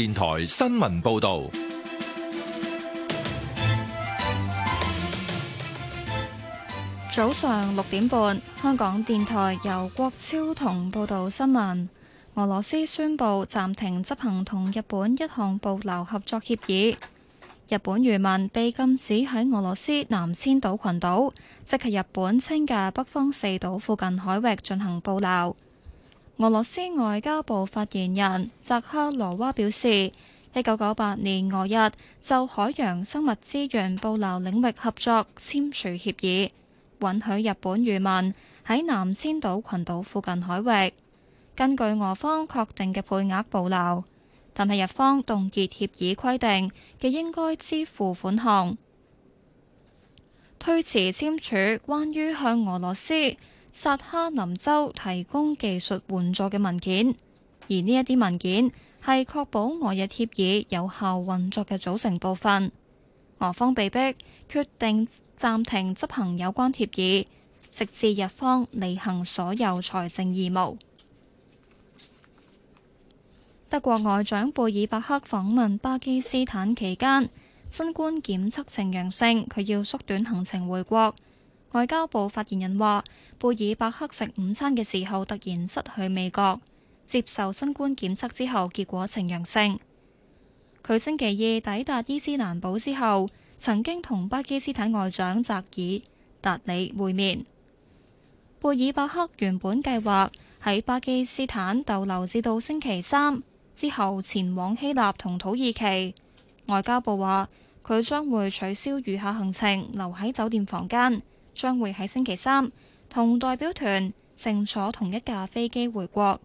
電台新聞報道：早上六點半，香港電台由郭超同報道新聞。俄羅斯宣布暫停執行同日本一項捕撈合作協議。日本漁民被禁止喺俄羅斯南千島群島（即係日本稱嘅北方四島）附近海域進行捕撈。俄羅斯外交部發言人扎克羅娃表示，一九九八年俄日就海洋生物資源捕撈領域合作簽署協議，允許日本漁民喺南千島群島附近海域根據俄方確定嘅配額捕撈，但係日方凍結協議規定嘅應該支付款項，推遲簽署關於向俄羅斯薩哈林州提供技術援助嘅文件，而呢一啲文件係確保俄日協議有效運作嘅組成部分。俄方被迫決定暫停執行有關協議，直至日方履行所有財政義務。德國外長貝爾伯克訪問巴基斯坦期間，新冠檢測呈陽性，佢要縮短行程回國。外交部發言人話：貝爾伯克食午餐嘅時候突然失去味覺，接受新冠檢測之後結果呈陽性。佢星期二抵達伊斯蘭堡之後，曾經同巴基斯坦外長扎爾達里會面。貝爾伯克原本計劃喺巴基斯坦逗留至到星期三，之後前往希臘同土耳其。外交部話佢將會取消餘下行程，留喺酒店房間。將會喺星期三同代表團乘坐同一架飛機回國。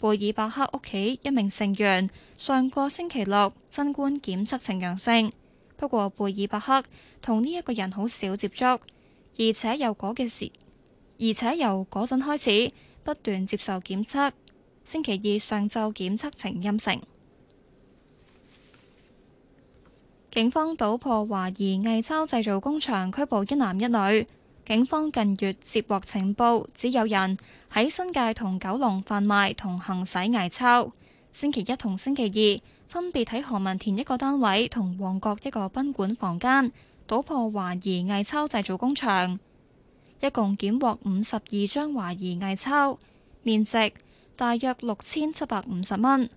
貝爾伯克屋企一名成員上個星期六新冠檢測呈陽性，不過貝爾伯克同呢一個人好少接觸，而且由嗰嘅時，而且由嗰陣開始不斷接受檢測。星期二上晝檢測呈陰性。警方搗破懷疑偽鈔製造工場，拘捕一男一女。警方近月接獲情報，指有人喺新界同九龍販賣同行使偽鈔。星期一同星期二，分別喺何文田一個單位同旺角一個賓館房間，搗破懷疑偽鈔製造工場，一共檢獲五十二張懷疑偽鈔，面值大約六千七百五十蚊。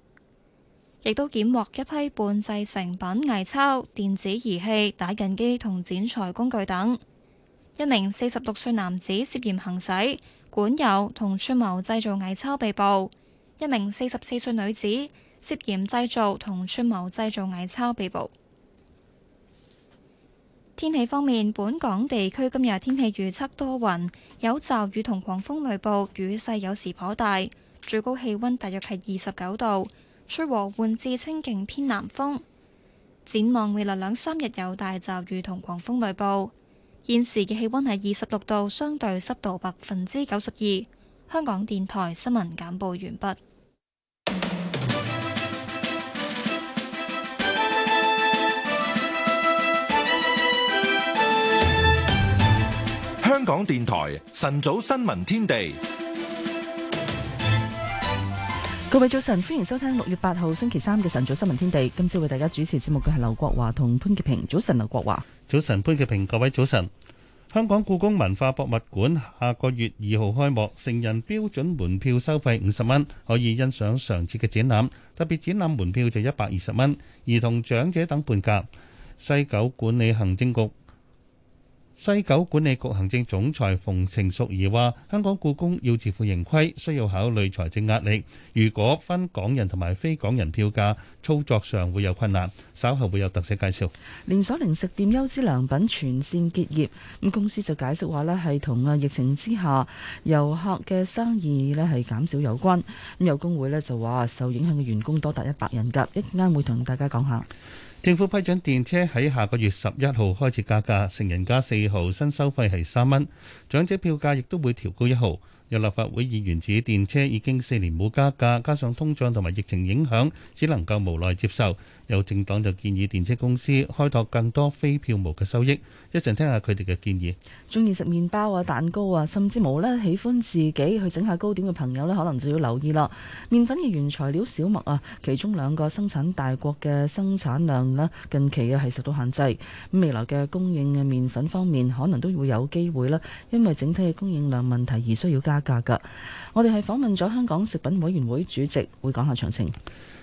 亦都檢獲一批半製成品偽鈔、電子儀器、打印機同剪裁工具等。一名四十六歲男子涉嫌行使管有同串謀製造偽鈔被捕，一名四十四歲女子涉嫌製造同串謀製造偽鈔被捕。天氣方面，本港地區今日天氣預測多雲，有驟雨同狂風雷暴，雨勢有時頗大，最高氣温大約係二十九度。吹和緩至清勁偏南風，展望未來兩三日有大驟雨同狂風雷暴。現時嘅氣温係二十六度，相對濕度百分之九十二。香港電台新聞簡報完畢。香港電台晨早新聞天地。各位早晨，歡迎收聽六月八號星期三嘅晨早新聞天地。今朝為大家主持節目嘅係劉國華同潘潔平。早晨，劉國華，早晨，潘潔平。各位早晨。香港故宮文化博物館下個月二號開幕，成人標準門票收費五十蚊，可以欣賞上次嘅展覽。特別展覽門票就一百二十蚊，兒童、長者等半價。西九管理行政局。西九管理局行政總裁馮程淑儀話：香港故宮要自負盈虧，需要考慮財政壓力。如果分港人同埋非港人票價，操作上會有困難。稍後會有特色介紹。連鎖零食店優之良品全線結業，咁公司就解釋話咧係同啊疫情之下遊客嘅生意咧係減少有關。咁有工會咧就話受影響嘅員工多達一百人。噶，一陣間會同大家講下。政府批准電車喺下個月十一號開始加價，成人加四毫，新收費係三蚊，長者票價亦都會調高一毫。有立法會議員指，電車已經四年冇加價，加上通脹同埋疫情影響，只能夠無奈接受。有政黨就建議電車公司開拓更多非票務嘅收益，一陣聽下佢哋嘅建議。鍾意食麵包啊、蛋糕啊，甚至無呢喜歡自己去整下糕點嘅朋友呢，可能就要留意啦。麵粉嘅原材料小麥啊，其中兩個生產大國嘅生產量咧，近期啊係受到限制。咁未來嘅供應嘅麵粉方面，可能都會有機會啦，因為整體嘅供應量問題而需要加價㗎。我哋係訪問咗香港食品委員會主席，會講下詳情。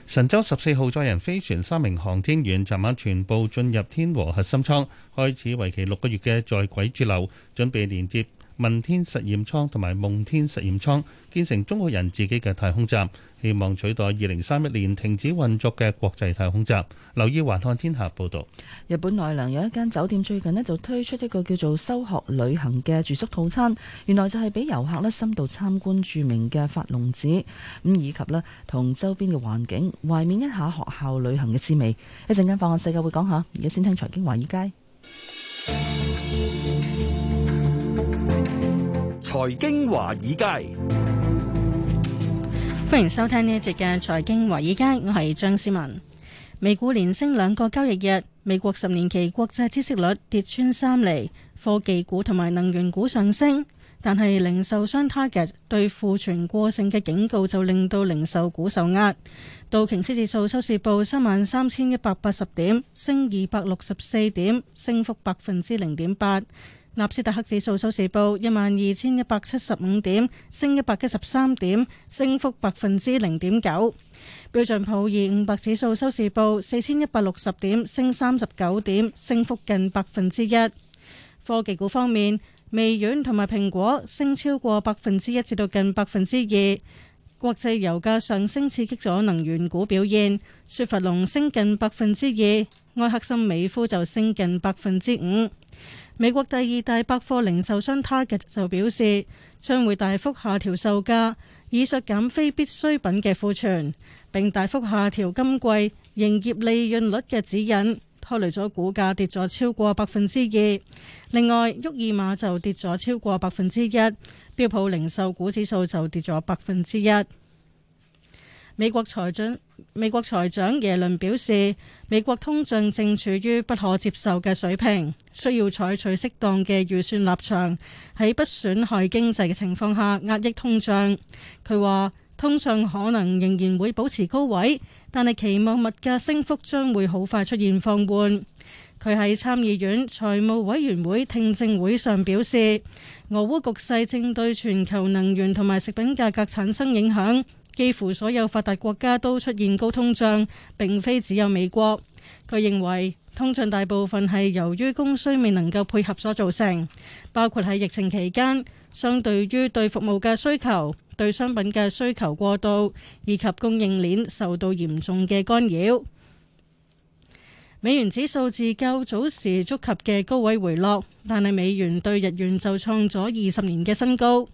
神舟十四號載人飛船三名航天員昨晚全部進入天和核心艙，開始為期六個月嘅在軌駐留，準備連接。問天實驗艙同埋夢天實驗艙建成中國人自己嘅太空站，希望取代二零三一年停止運作嘅國際太空站。留意環看天下報道。日本奈良有一間酒店最近咧就推出一個叫做修學旅行嘅住宿套餐，原來就係俾遊客咧深度參觀著名嘅法隆寺咁，以及咧同周邊嘅環境，懷緬一下學校旅行嘅滋味。一陣間放學世界會講下，而家先聽財經華爾街。財經華爾街，歡迎收聽呢一節嘅財經華爾街，我係張思文。美股連升兩個交易日，美國十年期國債孳息率跌穿三厘，科技股同埋能源股上升，但係零售商 Target 對庫存過剩嘅警告就令到零售股受壓。道瓊斯指數收市報三萬三千一百八十點，升二百六十四點，升幅百分之零點八。納斯達克指數收市報一萬二千一百七十五點，升一百一十三點，升幅百分之零點九。標準普爾五百指數收市報四千一百六十點，升三十九點，升幅近百分之一。科技股方面，微軟同埋蘋果升超過百分之一，至到近百分之二。國際油價上升刺激咗能源股表現，雪佛龍升近百分之二，埃克森美孚就升近百分之五。美國第二大百貨零售商 Target 就表示，將會大幅下調售價，以削減非必需品嘅庫存，並大幅下調今季營業利潤率嘅指引，拖累咗股價跌咗超過百分之二。另外，沃爾瑪就跌咗超過百分之一，標普零售股指數就跌咗百分之一。美國財長美國財長耶倫表示，美國通脹正處於不可接受嘅水平，需要採取適當嘅預算立場，喺不損害經濟嘅情況下壓抑通脹。佢話，通脹可能仍然會保持高位，但係期望物價升幅將會好快出現放緩。佢喺參議院財務委員會聽證會上表示，俄烏局勢正對全球能源同埋食品價格產生影響。幾乎所有發達國家都出現高通脹，並非只有美國，佢認為通脹大部分係由於供需未能夠配合所造成，包括喺疫情期間相對於對服務嘅需求、對商品嘅需求過度，以及供應鏈受到嚴重嘅干擾。美元指數自較早時觸及嘅高位回落，但係美元對日元就創咗二十年嘅新高。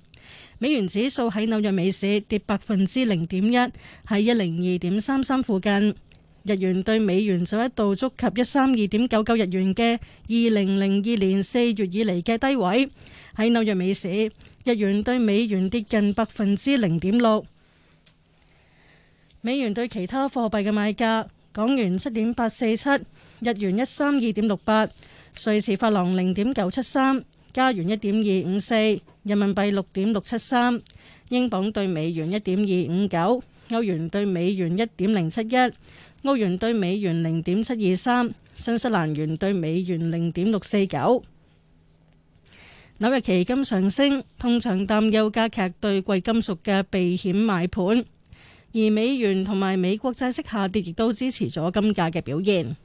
美元指數喺紐約美市跌百分之零點一，喺一零二點三三附近。日元對美元就一度觸及一三二點九九日元嘅二零零二年四月以嚟嘅低位。喺紐約美市，日元對美元跌近百分之零點六。美元對其他貨幣嘅賣價：港元七點八四七，日元一三二點六八，瑞士法郎零點九七三，加元一點二五四。人民幣六點六七三，英鎊對美元一點二五九，歐元對美元一點零七一，歐元對美元零點七二三，新西蘭元對美元零點六四九。紐約期金上升，通常擔憂加劇對貴金屬嘅避險買盤，而美元同埋美國債息下跌，亦都支持咗金價嘅表現。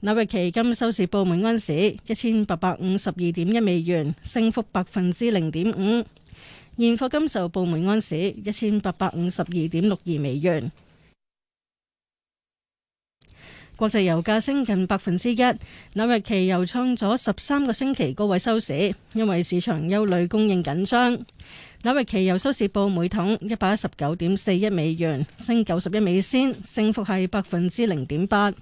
紐約期金收市報每安士一千八百五十二點一美元，升幅百分之零點五；現貨金售報每安士一千八百五十二點六二美元。國際油價升近百分之一，紐約期油創咗十三個星期高位收市，因為市場憂慮供應緊張。紐約期油收市報每桶一百一十九點四一美元，升九十一美仙，升幅係百分之零點八。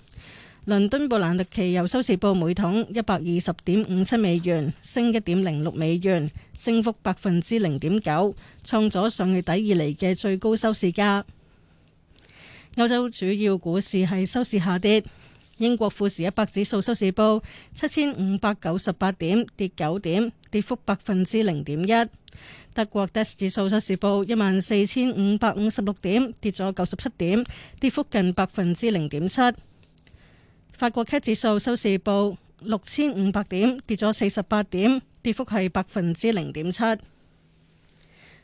倫敦布蘭特期油收市報每桶一百二十點五七美元，升一點零六美元，升幅百分之零點九，創咗上月底以嚟嘅最高收市價。歐洲主要股市係收市下跌，英國富時一百指數收市報七千五百九十八點，跌九點，跌幅百分之零點一。德國 D 指數收市報一萬四千五百五十六點，跌咗九十七點，跌幅近百分之零點七。法國 CAC 指數收市報六千五百點，跌咗四十八點，跌幅係百分之零點七。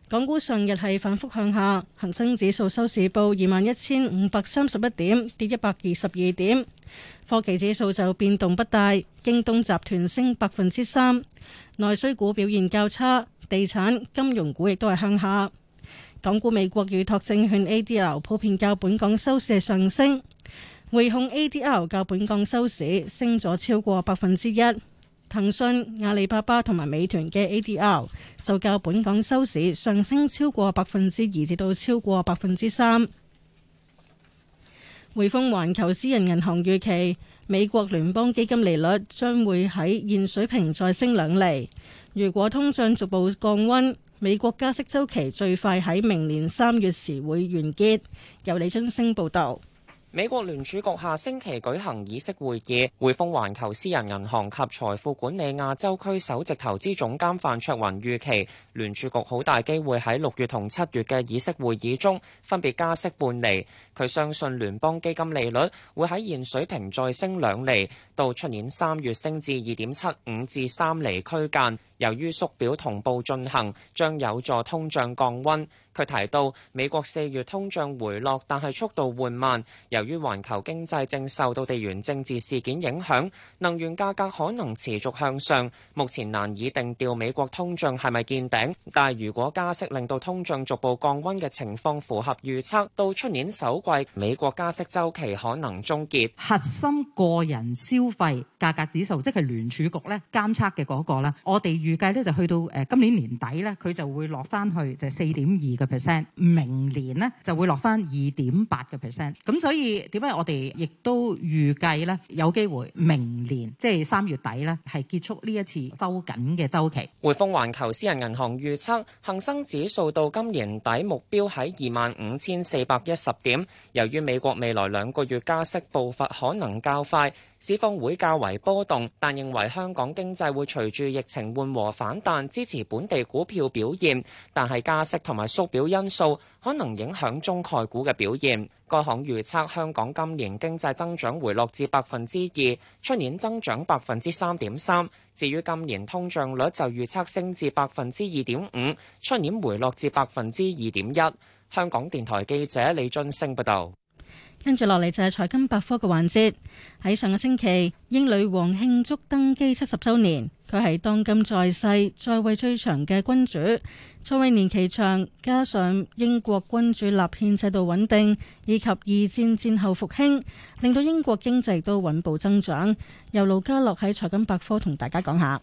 港股上日係反覆向下，恒生指數收市報二萬一千五百三十一點，跌一百二十二點。科技指數就變動不大，京東集團升百分之三。內需股表現較差，地產、金融股亦都係向下。港股美國預託證券 ADR 普遍較本港收市上升。匯控 ADR 較本港收市升咗超過百分之一，騰訊、阿里巴巴同埋美團嘅 ADR 就較本港收市上升超過百分之二，至到超過百分之三。匯豐環球私人銀行預期美國聯邦基金利率將會喺現水平再升兩厘。如果通脹逐步降溫，美國加息周期最快喺明年三月時會完結。由李春星報道。美國聯儲局下星期舉行議息會議，匯豐環球私人銀行及財富管理亞洲區首席投資總監范卓雲預期聯儲局好大機會喺六月同七月嘅議息會議中分別加息半釐。佢相信聯邦基金利率會喺現水平再升兩厘，到出年三月升至二點七五至三厘區間。由於縮表同步進行，將有助通脹降溫。佢提到美國四月通脹回落，但係速度緩慢。由於環球經濟正受到地緣政治事件影響，能源價格可能持續向上。目前難以定調美國通脹係咪見頂，但係如果加息令到通脹逐步降溫嘅情況符合預測，到出年首季美國加息周期可能終結，核心個人消費價格指數，即係聯儲局咧監測嘅嗰個咧，我哋預計咧就去到誒今年年底咧，佢就會落翻去就四點二個 percent，明年咧就會落翻二點八個 percent，咁所以點解我哋亦都預計咧有機會明年即係三月底咧係結束呢一次收緊嘅周期。匯豐環球私人銀行預測恒生指數到今年底目標喺二萬五千四百一十點。由於美國未來兩個月加息步伐可能較快，市況會較為波動，但認為香港經濟會隨住疫情緩和反彈，支持本地股票表現。但係加息同埋縮表因素可能影響中概股嘅表現。該行預測香港今年經濟增長回落至百分之二，出年增長百分之三點三。至於今年通脹率就預測升至百分之二點五，出年回落至百分之二點一。香港電台記者李俊升報道，跟住落嚟就係財金百科嘅環節。喺上個星期，英女王慶祝登基七十周年，佢係當今在世在位最長嘅君主，在位年期長，加上英國君主立憲制度穩定，以及二戰戰後復興，令到英國經濟都穩步增長。由盧家樂喺財金百科同大家講下。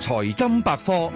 財金百科，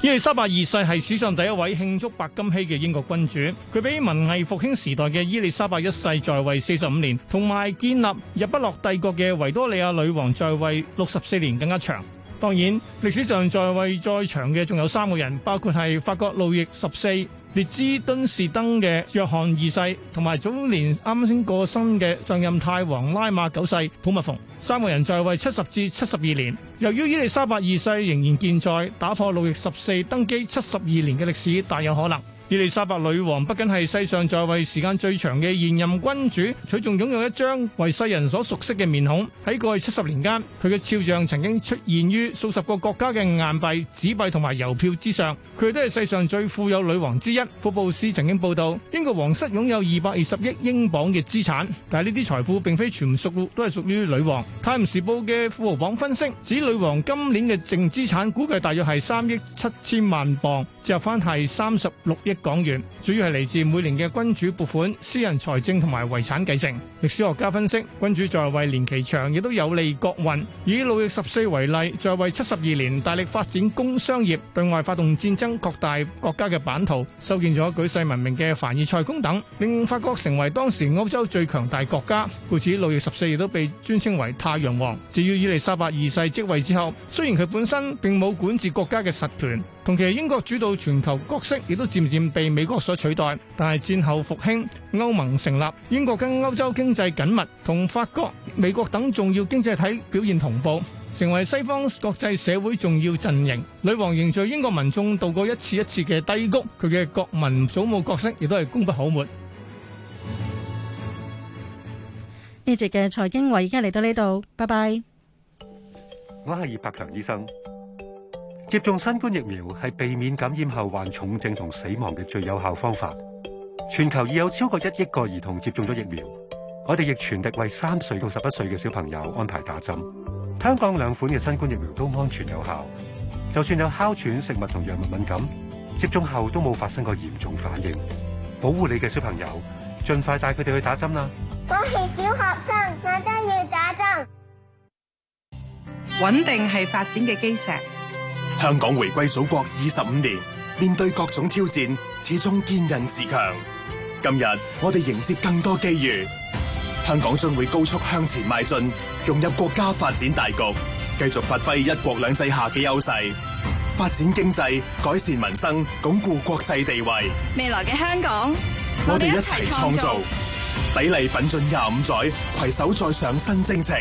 伊麗莎白二世係史上第一位慶祝白金禧嘅英國君主。佢比文藝復興時代嘅伊麗莎白一世在位四十五年，同埋建立日不落帝國嘅維多利亞女王在位六十四年更加長。當然，歷史上在位再長嘅仲有三個人，包括係法國路易十四。列支敦士登嘅約翰二世同埋早年啱先過身嘅上任泰王拉瑪九世普密蓬，三個人在位七十至七十二年。由於伊麗莎白二世仍然健在，打破路易十四登基七十二年嘅歷史大有可能。伊利沙伯女王不僅係世上在位時間最長嘅現任君主，佢仲擁有一張為世人所熟悉嘅面孔。喺過去七十年間，佢嘅肖像曾經出現於數十個國家嘅硬幣、紙幣同埋郵票之上。佢都係世上最富有女王之一。《福布斯》曾經報道，英國皇室擁有二百二十億英鎊嘅資產，但係呢啲財富並非全屬都係屬於女王。《泰晤士報》嘅富豪榜分析指，女王今年嘅淨資產估計大約係三億七千萬鎊，折合翻係三十六億。港元主要係嚟自每年嘅君主撥款、私人財政同埋遺產繼承。歷史學家分析，君主在位年期長亦都有利國運，以路易十四為例，在位七十二年，大力發展工商業，對外發動戰爭，擴大國家嘅版圖，修建咗舉世聞名嘅凡爾賽宮等，令法國成為當時歐洲最強大國家。故此，路易十四亦都被尊稱為太陽王。至於伊麗莎白二世即位之後，雖然佢本身並冇管治國家嘅實權。同期英國主導全球角色亦都漸漸被美國所取代，但係戰後復興、歐盟成立、英國跟歐洲經濟緊密，同法國、美國等重要經濟體表現同步，成為西方國際社會重要陣營。女王凝聚英國民眾度過一次一次嘅低谷，佢嘅國民祖母角色亦都係功不可沒。呢節嘅財經話，而家嚟到呢度，拜拜。我係葉柏強醫生。接種新冠疫苗係避免感染後患重症同死亡嘅最有效方法。全球已有超過一億個兒童接種咗疫苗，我哋亦全力為三歲到十一歲嘅小朋友安排打針。香港兩款嘅新冠疫苗都安全有效，就算有哮喘、食物同藥物敏感，接種後都冇發生過嚴重反應。保護你嘅小朋友，盡快帶佢哋去打針啦！我係小學生，我都要打針。穩定係發展嘅基石。香港回歸祖國二十五年，面對各種挑戰，始終堅韌自強。今日我哋迎接更多機遇，香港將會高速向前邁進，融入國家發展大局，繼續發揮一國兩制下嘅優勢，發展經濟，改善民生，鞏固國際地位。未來嘅香港，我哋一齊創造，砥礪奮進廿五載，携手再上新征程。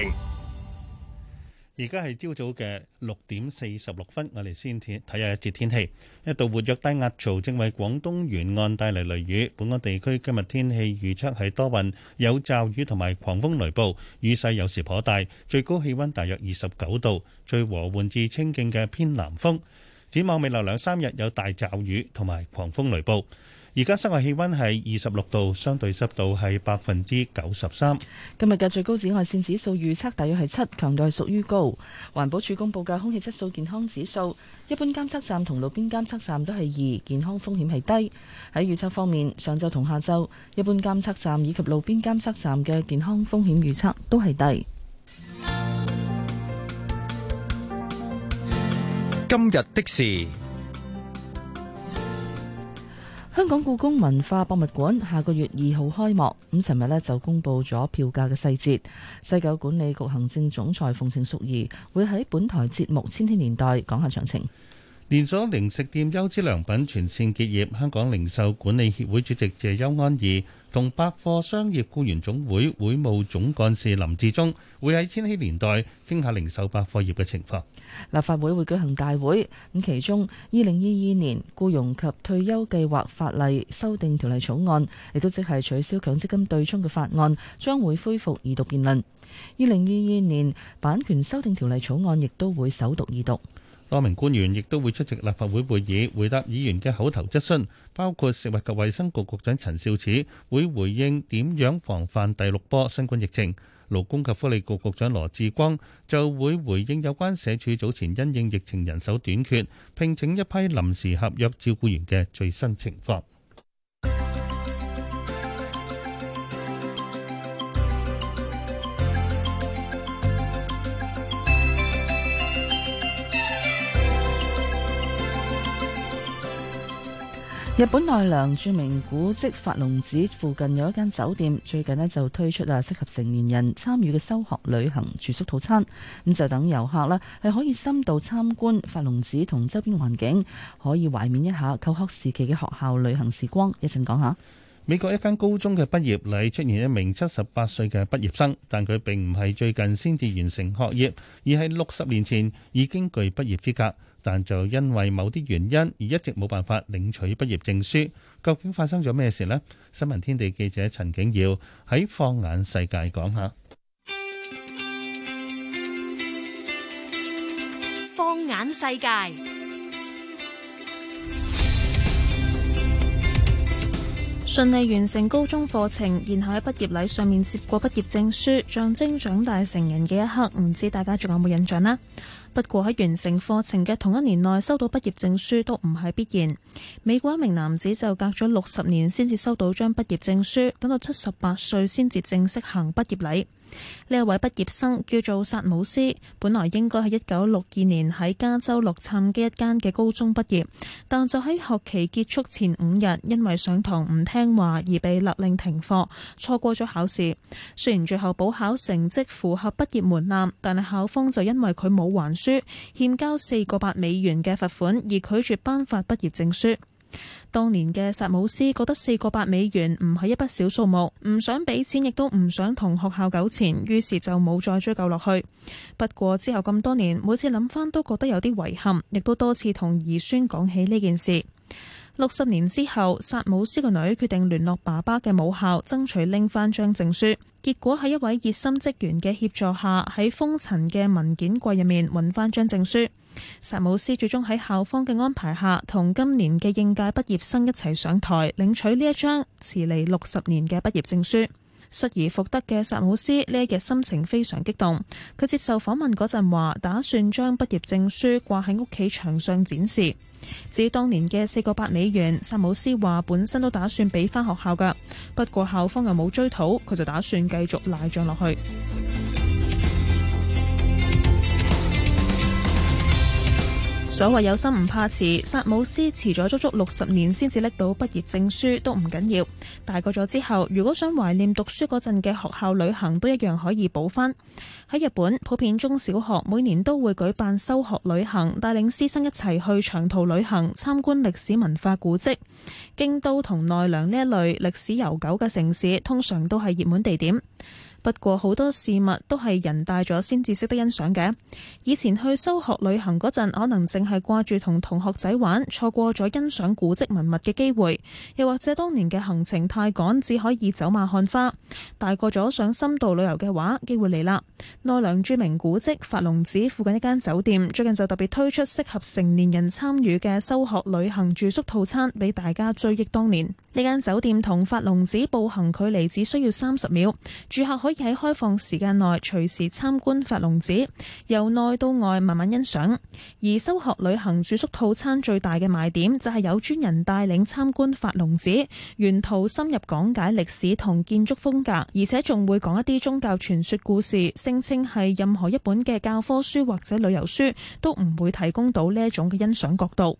而家係朝早嘅六點四十六分，我哋先天睇下一節天氣。一度活躍低壓槽正為廣東沿岸帶嚟雷雨，本港地區今日天，天氣預測係多雲，有驟雨同埋狂風雷暴，雨勢有時頗大，最高氣温大約二十九度，最和緩至清勁嘅偏南風。展望未來兩三日有大驟雨同埋狂風雷暴。而家室外氣溫係二十六度，相對濕度係百分之九十三。今日嘅最高紫外線指數預測大約係七，強度係屬於高。環保署公布嘅空氣質素健康指數，一般監測站同路邊監測站都係二，健康風險係低。喺預測方面，上晝同下晝，一般監測站以及路邊監測站嘅健康風險預測都係低。今日的事。香港故宮文化博物館下個月二號開幕，咁尋日咧就公布咗票價嘅細節。西九管理局行政總裁馮程淑儀會喺本台節目《千禧年代》講下詳情。連鎖零食店優之良品全線結業，香港零售管理協會主席謝邱安儀同百貨商業雇員總會會務總幹事林志忠會喺千禧年代傾下零售百貨業嘅情況。立法會會舉行大會，咁其中二零二二年雇傭及退休計劃法例修訂條例草案，亦都即係取消強積金對沖嘅法案，將會恢復二讀辯論。二零二二年版權修訂條例草案亦都會首讀二讀。多名官員亦都會出席立法會會議，回答議員嘅口頭質詢，包括食物及衛生局局長陳肇始，會回應點樣防範第六波新冠疫情，勞工及福利局局長羅志光，就會回應有關社署早前因應疫情人手短缺，聘請一批臨時合約照顧員嘅最新情況。日本奈良著名古蹟法隆寺附近有一間酒店，最近咧，就推出啊，適合成年人參與嘅修學旅行住宿套餐。咁就等遊客啦，係可以深度參觀法隆寺同周邊環境，可以懷緬一下求學時期嘅學校旅行時光。一陣講下。美國一間高中嘅畢業禮出現一名七十八歲嘅畢業生，但佢並唔係最近先至完成學業，而喺六十年前已經具畢業資格。但就因為某啲原因而一直冇辦法領取畢業證書，究竟發生咗咩事呢？新聞天地記者陳景耀喺《放眼世界》講下。放眼世界，順利完成高中課程，然後喺畢業禮上面接過畢業證書，象徵長大成人嘅一刻，唔知大家仲有冇印象呢？」不過喺完成課程嘅同一年內收到畢業證書都唔係必然。美國一名男子就隔咗六十年先至收到張畢業證書，等到七十八歲先至正式行畢業禮。呢一位畢業生叫做薩姆斯，本來應該喺一九六二年喺加州洛杉磯一間嘅高中畢業，但就喺學期結束前五日，因為上堂唔聽話而被勒令停課，錯過咗考試。雖然最後補考成績符合畢業門檻，但係校方就因為佢冇還書，欠交四個八美元嘅罰款而拒絕頒發畢業證書。當年嘅薩姆斯覺得四個八美元唔係一筆小數目，唔想俾錢，亦都唔想同學校糾纏，於是就冇再追究落去。不過之後咁多年，每次諗返都覺得有啲遺憾，亦都多次同兒孫講起呢件事。六十年之後，薩姆斯個女決定聯絡爸爸嘅母校，爭取拎返張證書。結果喺一位熱心職員嘅協助下，喺封塵嘅文件櫃入面揾翻張證書。薩姆斯最終喺校方嘅安排下，同今年嘅應屆畢業生一齊上台領取呢一張遲嚟六十年嘅畢業證書。失而復得嘅薩姆斯呢一日心情非常激動，佢接受訪問嗰陣話，打算將畢業證書掛喺屋企牆上展示。至於當年嘅四個八美元，薩姆斯話本身都打算俾翻學校噶，不過校方又冇追討，佢就打算繼續賴賬落去。所謂有心唔怕遲，薩姆斯遲咗足足六十年先至拎到畢業證書都唔緊要。大個咗之後，如果想懷念讀書嗰陣嘅學校旅行，都一樣可以補翻。喺日本，普遍中小學每年都會舉辦修學旅行，帶領師生一齊去長途旅行，參觀歷史文化古蹟。京都同奈良呢一類歷史悠久嘅城市，通常都係熱門地點。不過好多事物都係人大咗先至識得欣賞嘅。以前去修學旅行嗰陣，可能淨係掛住同同學仔玩，錯過咗欣賞古蹟文物嘅機會。又或者當年嘅行程太趕，只可以走馬看花。大個咗想深度旅遊嘅話，機會嚟啦！奈良著名古蹟法隆寺附近一間酒店，最近就特別推出適合成年人參與嘅修學旅行住宿套餐，俾大家追憶當年。呢間酒店同法隆寺步行距離只需要三十秒，住客可以喺開放時間內隨時參觀法隆寺，由內到外慢慢欣賞。而修學旅行住宿套餐最大嘅賣點就係有專人帶領參觀法隆寺，沿途深入講解歷史同建築風格，而且仲會講一啲宗教傳說故事，聲稱係任何一本嘅教科書或者旅遊書都唔會提供到呢種嘅欣賞角度。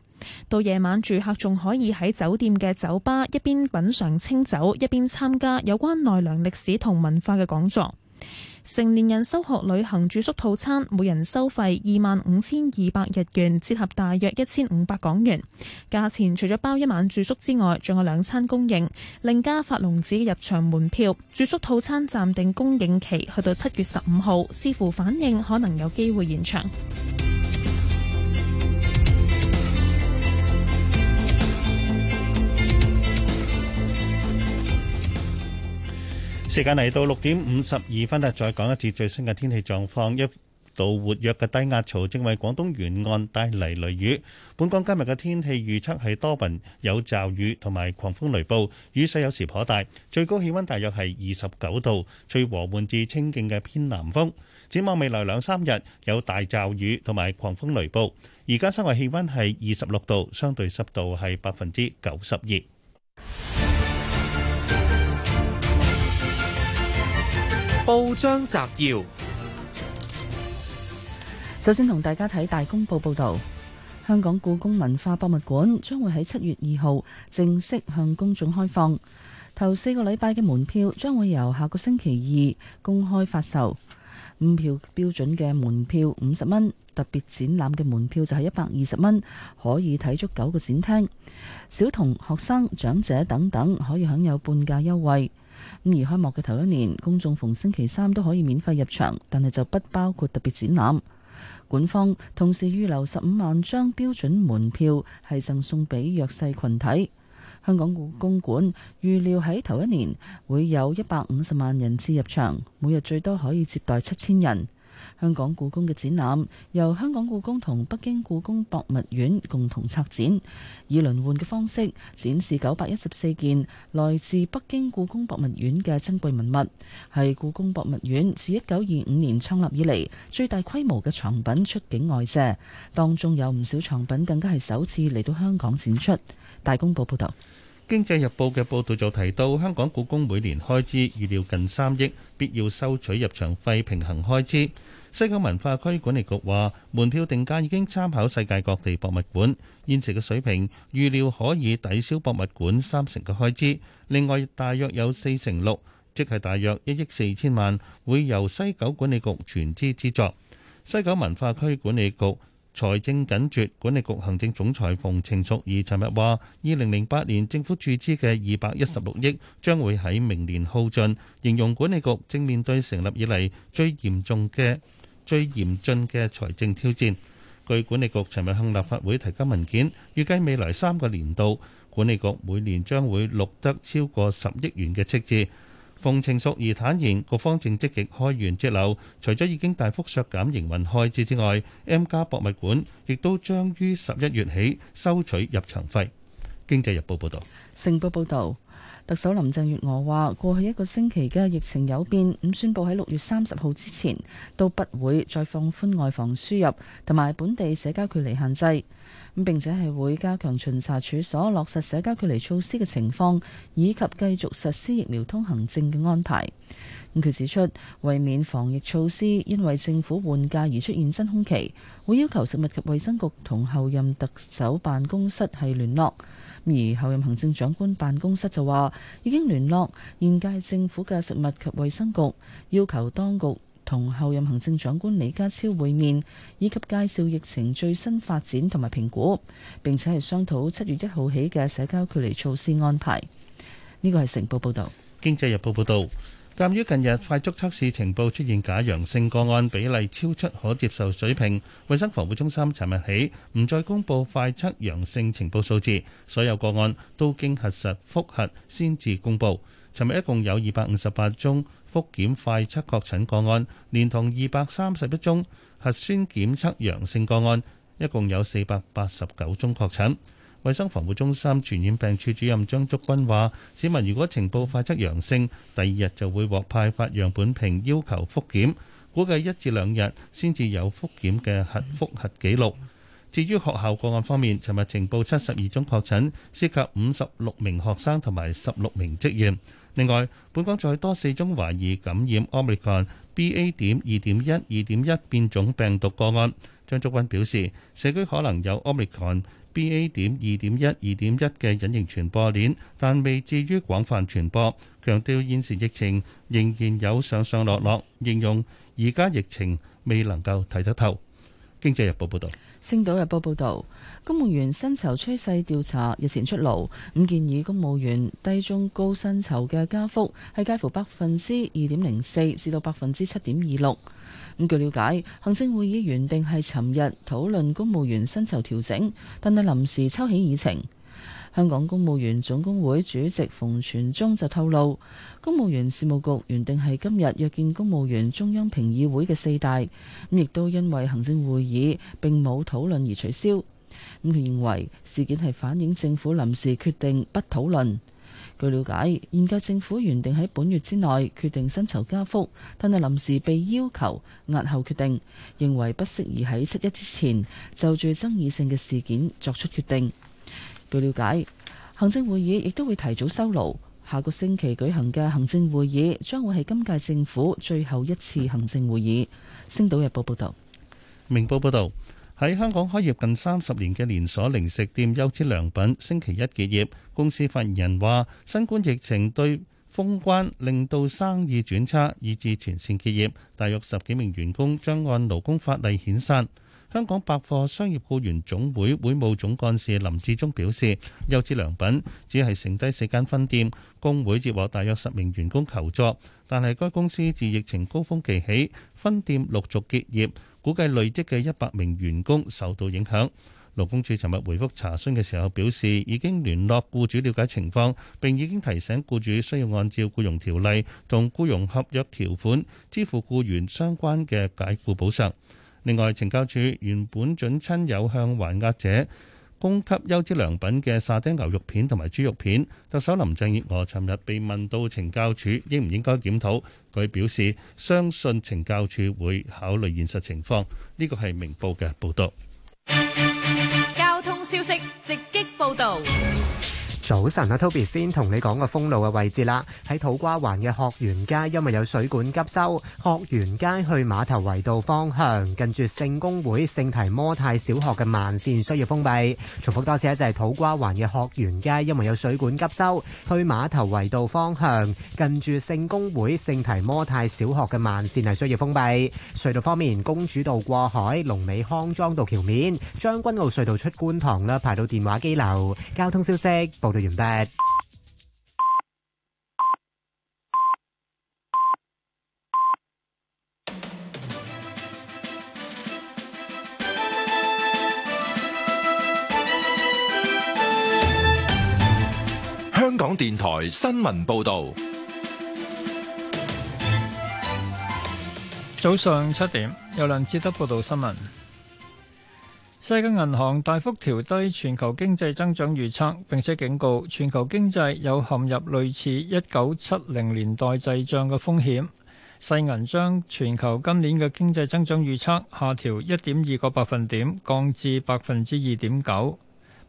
到夜晚，住客仲可以喺酒店嘅酒吧一邊品嚐清酒，一邊參加有關奈良歷史同文化嘅講座。成年人修學旅行住宿套餐，每人收費二萬五千二百日元，折合大約一千五百港元。價錢除咗包一晚住宿之外，仲有兩餐供應，另加法隆寺嘅入場門票。住宿套餐暫定供應期去到七月十五號，視乎反應可能有機會延長。時間嚟到六點五十二分啦，再講一次最新嘅天氣狀況。一度活躍嘅低壓槽正為廣東沿岸帶嚟雷雨。本港今日嘅天氣預測係多雲有驟雨同埋狂風雷暴，雨勢有時頗大，最高氣溫大約係二十九度，吹和緩至清勁嘅偏南風。展望未來兩三日有大驟雨同埋狂風雷暴。而家室外氣溫係二十六度，相對濕度係百分之九十二。報章摘要，首先同大家睇大公報報道，香港故宮文化博物館將會喺七月二號正式向公眾開放。頭四個禮拜嘅門票將會由下個星期二公開發售。五票標準嘅門票五十蚊，特別展覽嘅門票就係一百二十蚊，可以睇足九個展廳。小童、學生、長者等等可以享有半價優惠。咁而開幕嘅頭一年，公眾逢星期三都可以免費入場，但係就不包括特別展覽。館方同時預留十五萬張標準門票，係贈送俾弱勢群體。香港故宮館預料喺頭一年會有一百五十萬人次入場，每日最多可以接待七千人。香港故宮嘅展覽由香港故宮同北京故宮博物院共同策展，以輪換嘅方式展示九百一十四件來自北京故宮博物院嘅珍貴文物，係故宮博物院自一九二五年創立以嚟最大規模嘅藏品出境外借，當中有唔少藏品更加係首次嚟到香港展出。《大公報》報道，《經濟日報》嘅報導就提到，香港故宮每年開支預料近三億，必要收取入場費平衡開支。西九文化區管理局話：門票定價已經參考世界各地博物館現時嘅水平，預料可以抵消博物館三成嘅開支。另外，大約有四成六，即係大約一億四千萬，會由西九管理局全資資助。西九文化區管理局財政緊絕，管理局行政總裁馮程淑儀尋日話：二零零八年政府注資嘅二百一十六億將會喺明年耗盡，形容管理局正面對成立以嚟最嚴重嘅。最嚴峻嘅財政挑戰。據管理局尋日向立法會提交文件，預計未來三個年度，管理局每年將會錄得超過十億元嘅赤字。馮程淑儀坦言，各方正積極開源節流，除咗已經大幅削減營運開支之外，M+ 博物館亦都將於十一月起收取入場費。經濟日報報導，成報報導。特首林鄭月娥話：過去一個星期嘅疫情有變，咁宣布喺六月三十號之前都不會再放寬外防輸入同埋本地社交距離限制。咁並且係會加強巡查處所落實社交距離措施嘅情況，以及繼續實施疫苗通行證嘅安排。咁佢指出，為免防疫措施因為政府換屆而出現真空期，會要求食物及衛生局同後任特首辦公室係聯絡。而候任行政長官辦公室就話，已經聯絡現屆政府嘅食物及衛生局，要求當局同候任行政長官李家超會面，以及介紹疫情最新發展同埋評估，並且係商討七月一號起嘅社交距離措施安排。呢個係成報報導，《經濟日報》報導。鑒於近日快速測試情報出現假陽性個案比例超出可接受水平，衞生防護中心尋日起唔再公佈快測陽性情報數字，所有個案都經核實複核先至公佈。尋日一共有二百五十八宗復檢快測確診個案，連同二百三十一宗核酸檢測陽性個案，一共有四百八十九宗確診。衞生防護中心傳染病處主任張竹君話，市民如果呈報快測陽性，第二日就會獲派發樣本瓶，要求復檢。估計一至兩日先至有復檢嘅核複核記錄。至於學校個案方面，尋日呈報七十二宗確診，涉及五十六名學生同埋十六名職員。另外，本港再多四宗懷疑感染 Omicron BA 點二點一二點一變種病毒個案。張竹君表示，社區可能有 Omicron。B A 點二點一、二點一嘅隱形傳播鏈，但未至於廣泛傳播。強調現時疫情仍然有上上落落，形容而家疫情未能夠睇得透。經濟日報報道，星島日報報道，公務員薪酬趨勢調查日前出爐，咁建議公務員低中高薪酬嘅加幅係介乎百分之二點零四至到百分之七點二六。咁據了解，行政會議原定係尋日討論公務員薪酬調整，但係臨時抽起議程。香港公務員總工會主席馮全中就透露，公務員事務局原定係今日約見公務員中央評議會嘅四大，咁亦都因為行政會議並冇討論而取消。咁佢認為事件係反映政府臨時決定不討論。據了解，現屆政府原定喺本月之內決定薪酬加幅，但係臨時被要求押後決定，認為不適宜喺七一之前就住爭議性嘅事件作出決定。據了解，行政會議亦都會提早收爐，下個星期舉行嘅行政會議將會係今屆政府最後一次行政會議。星島日報報道，明報報道。喺香港開業近三十年嘅連鎖零食店優之良品星期一結業。公司發言人話：新冠肺炎疫情對封關令到生意轉差，以致全線結業。大約十幾名員工將按勞工法例遣散。香港百貨商業僱員總會會務總幹事林志忠表示：優之良品只係剩低四間分店，工會接獲大約十名員工求助，但係該公司自疫情高峯期起，分店陸續結業。估計累積嘅一百名員工受到影響。勞工處尋日回覆查詢嘅時候表示，已經聯絡僱主了解情況，並已經提醒僱主需要按照僱傭條例同僱傭合約條款支付僱員相關嘅解雇補償。另外，懲教署原本准親友向還押者。供給優質良品嘅沙丁牛肉片同埋豬肉片，特首林鄭月娥尋日被問到懲教署應唔應該檢討，佢表示相信懲教署會考慮現實情況，呢個係明報嘅報導。交通消息直擊報導。早晨啊，Toby 先同你講個封路嘅位置啦。喺土瓜灣嘅學園街，因為有水管急修。學園街去碼頭圍道方向，近住聖公會聖提摩太小學嘅慢綫需要封閉。重複多次啊，就係土瓜灣嘅學園街，因為有水管急修，去碼頭圍道方向，近住聖公會聖提摩太小學嘅慢綫係需要封閉。隧道方面，公主道過海，龍尾康莊道橋面，將軍澳隧道出觀塘啦，排到電話機樓。交通消息，報。零香港電台新聞報道，早上七點，由梁志德報道新聞。世界銀行大幅調低全球經濟增長預測，並且警告全球經濟有陷入類似一九七零年代滯脹嘅風險。世銀將全球今年嘅經濟增長預測下調一點二個百分點，降至百分之二點九。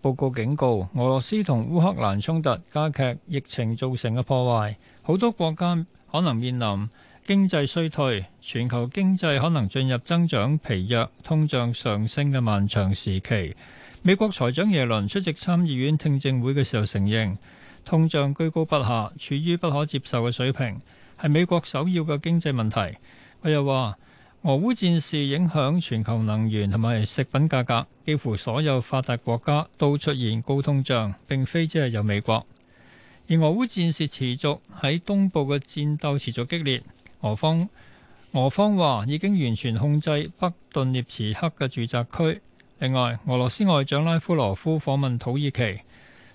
報告警告，俄羅斯同烏克蘭衝突加劇，疫情造成嘅破壞，好多國家可能面臨經濟衰退，全球經濟可能進入增長疲弱、通脹上升嘅漫長時期。美國財長耶倫出席參議院聽證會嘅時候，承認通脹居高不下，處於不可接受嘅水平，係美國首要嘅經濟問題。佢又話，俄烏戰事影響全球能源同埋食品價格，幾乎所有發達國家都出現高通脹，並非只係有美國。而俄烏戰事持續，喺東部嘅戰鬥持續激烈。俄方俄方話已經完全控制北頓涅茨克嘅住宅區，另外，俄羅斯外長拉夫羅夫訪問土耳其，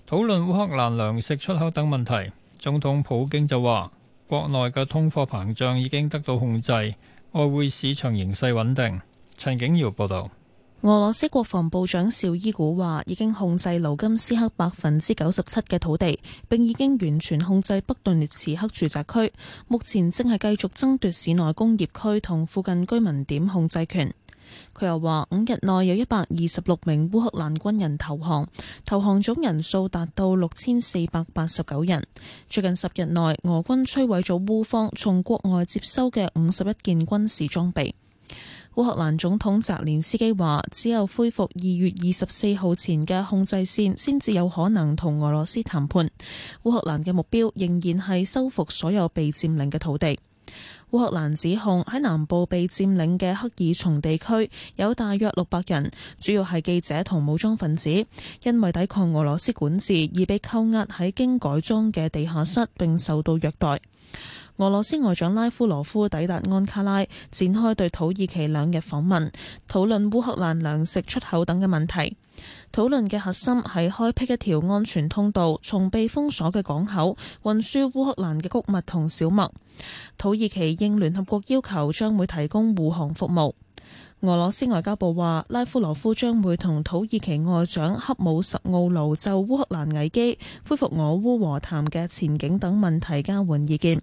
討論烏克蘭糧食出口等問題，總統普京就話國內嘅通貨膨脹已經得到控制，外匯市場形勢穩定。陳景耀報道。俄羅斯國防部長紹伊古話：已經控制盧甘斯克百分之九十七嘅土地，並已經完全控制北頓涅茨克住宅區。目前正係繼續爭奪市內工業區同附近居民點控制權。佢又話：五日內有一百二十六名烏克蘭軍人投降，投降總人數達到六千四百八十九人。最近十日內，俄軍摧毀咗烏方從國外接收嘅五十一件軍事裝備。烏克蘭總統澤連斯基話：只有恢復二月二十四號前嘅控制線，先至有可能同俄羅斯談判。烏克蘭嘅目標仍然係收復所有被佔領嘅土地。烏克蘭指控喺南部被佔領嘅赫爾松地區有大約六百人，主要係記者同武裝分子，因為抵抗俄羅斯管治而被扣押喺經改裝嘅地下室，並受到虐待。俄羅斯外長拉夫羅夫抵達安卡拉，展開對土耳其兩日訪問，討論烏克蘭糧食出口等嘅問題。討論嘅核心係開闢一條安全通道，從被封鎖嘅港口運輸烏克蘭嘅谷物同小麥。土耳其應聯合國要求，將會提供護航服務。俄羅斯外交部話，拉夫羅夫將會同土耳其外長克姆什奧盧就烏克蘭危機、恢復俄烏和談嘅前景等問題交換意見。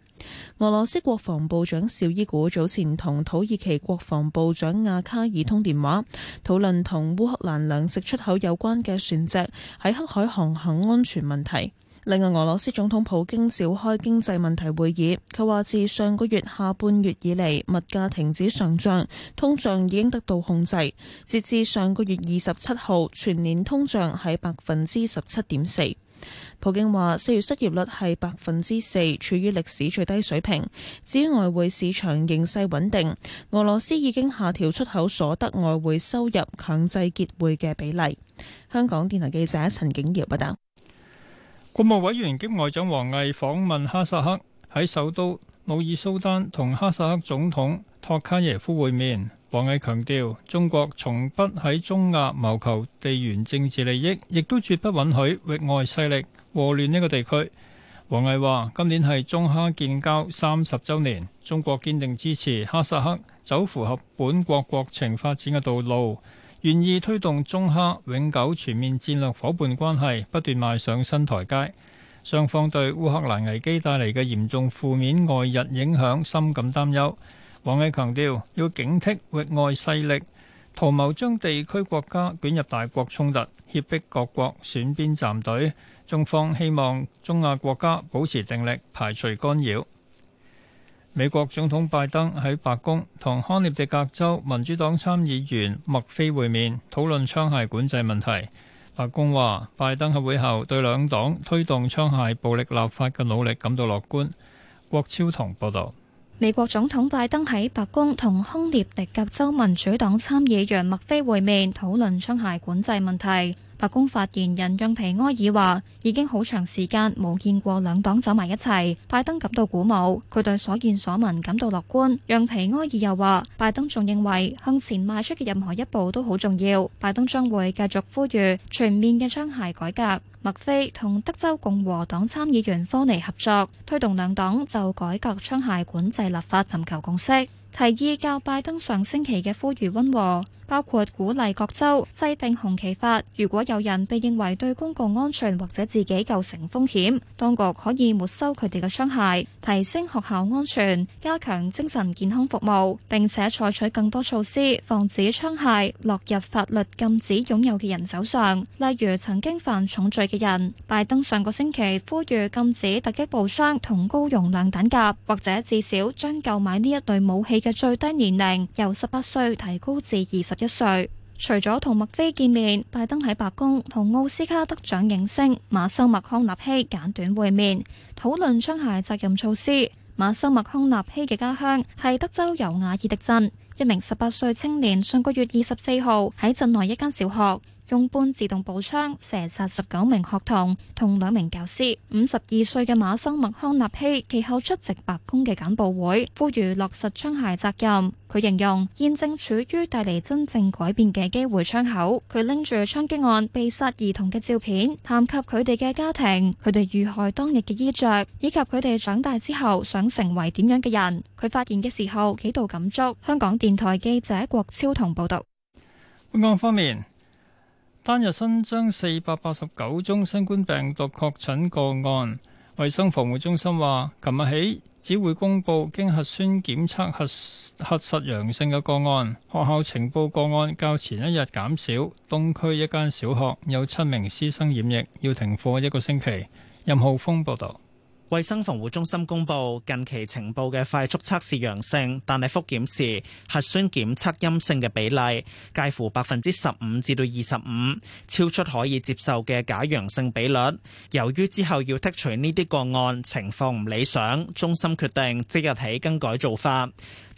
俄羅斯國防部長紹伊古早前同土耳其國防部長亞卡爾通電話，討論同烏克蘭糧食出口有關嘅船隻喺黑海航行安全問題。另外，俄羅斯總統普京召開經濟問題會議，佢話自上個月下半月以嚟，物價停止上漲，通脹已經得到控制。截至上個月二十七號，全年通脹係百分之十七點四。普京話四月失業率係百分之四，處於歷史最低水平。至於外匯市場形勢穩定，俄羅斯已經下調出口所得外匯收入強制結匯嘅比例。香港電台記者陳景堯報道。國務委員兼外長王毅訪問哈薩克，喺首都努爾蘇丹同哈薩克總統托卡耶夫會面。王毅強調，中國從不喺中亞謀求地緣政治利益，亦都絕不允許域外勢力禍亂呢個地區。王毅話：今年係中哈建交三十周年，中國堅定支持哈薩克走符合本國國情發展嘅道路。願意推動中哈永久全面戰略夥伴關係不斷邁上新台階。雙方對烏克蘭危機帶嚟嘅嚴重負面外日影響深感擔憂。王毅強調要警惕域外勢力圖謀將地區國家捲入大國衝突，脅迫各國選邊站隊。中方希望中亞國家保持定力，排除干擾。美國總統拜登喺白宮同康涅狄格州民主黨參議員麥菲會面，討論槍械管制問題。白宮話，拜登喺會後對兩黨推動槍械暴力立法嘅努力感到樂觀。郭超同報道。美國總統拜登喺白宮同康涅狄格州民主黨參議員麥菲會面，討論槍械管制問題。白宮發言人讓皮埃爾話：已經好長時間冇見過兩黨走埋一齊，拜登感到鼓舞，佢對所見所聞感到樂觀。讓皮埃爾又話：拜登仲認為向前邁出嘅任何一步都好重要，拜登將會繼續呼籲全面嘅槍械改革。麥菲同德州共和黨參議員科尼合作，推動兩黨就改革槍械管制立法尋求共識，提議較拜登上星期嘅呼籲温和。包括鼓勵各州制定紅旗法，如果有人被認為對公共安全或者自己構成風險，當局可以沒收佢哋嘅槍械，提升學校安全，加強精神健康服務，並且採取更多措施防止槍械落入法律禁止擁有嘅人手上，例如曾經犯重罪嘅人。拜登上個星期呼籲禁止突擊步槍同高容量彈夾，或者至少將購買呢一類武器嘅最低年齡由十八歲提高至二十。一歲，除咗同墨菲見面，拜登喺白宮同奧斯卡得獎影星馬修麥康納希簡短會面，討論槍械責任措施。馬修麥康納希嘅家鄉係德州尤瓦爾迪鎮，一名十八歲青年上個月二十四號喺鎮內一間小學，用半自動步槍射殺十九名學童同兩名教師。五十二歲嘅馬生麥康納希其後出席白宮嘅簡報會，呼籲落實槍械責任。佢形容現正處於帶嚟真正改變嘅機會窗口。佢拎住槍擊案被殺兒童嘅照片，談及佢哋嘅家庭、佢哋遇害當日嘅衣着，以及佢哋長大之後想成為點樣嘅人。佢發言嘅時候幾度感觸。香港電台記者郭超同報道。本港方面。單日新增四百八十九宗新冠病毒確診個案，衛生防護中心話，琴日起只會公布經核酸檢測核核實陽性嘅個案。學校情報個案較前一日減少，東區一間小學有七名師生染疫，要停課一個星期。任浩峰報道。衛生防護中心公布近期情報嘅快速測試陽性，但係複檢時核酸檢測陰性嘅比例介乎百分之十五至到二十五，超出可以接受嘅假陽性比率。由於之後要剔除呢啲個案，情況唔理想，中心決定即日起更改做法。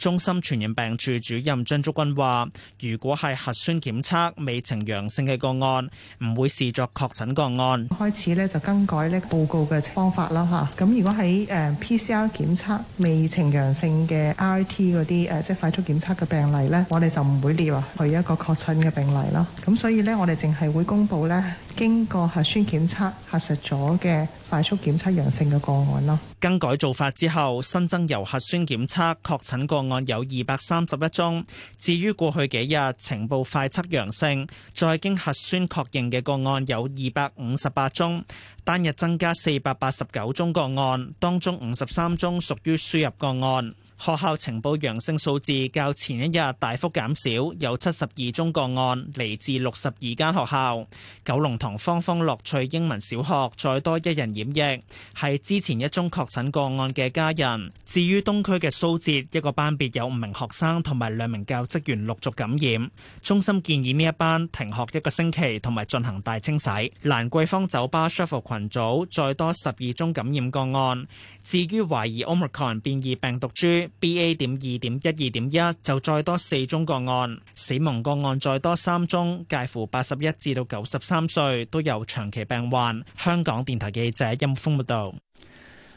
中心傳染病處主任張竹君話：如果係核酸檢測未呈陽性嘅個案，唔會視作確診個案。開始咧就更改咧報告嘅方法啦吓，咁如果喺誒 PCR 檢測未呈陽性嘅 RT 嗰啲誒即係快速檢測嘅病例咧，我哋就唔會列啊佢一個確診嘅病例啦。咁所以咧，我哋淨係會公布咧經過核酸檢測核實咗嘅快速檢測陽性嘅個案咯，更改做法之後，新增由核酸檢測確診個案有二百三十一宗。至於過去幾日呈報快測陽性，再經核酸確認嘅個案有二百五十八宗，單日增加四百八十九宗個案，當中五十三宗屬於輸入個案。學校情報陽性數字較前一日大幅減少，有七十二宗個案嚟自六十二間學校。九龍塘方方樂趣英文小學再多一人染疫，係之前一宗確診個案嘅家人。至於東區嘅蘇浙一個班別有五名學生同埋兩名教職員陸續感染，中心建議呢一班停學一個星期同埋進行大清洗。蘭桂坊酒吧 Shuffle 群組再多十二宗感染個案，至於懷疑 Omicron 變異病毒株。B A. 點二點一二點一就再多四宗個案，死亡個案再多三宗，介乎八十一至到九十三歲都有長期病患。香港電台記者任峰報道。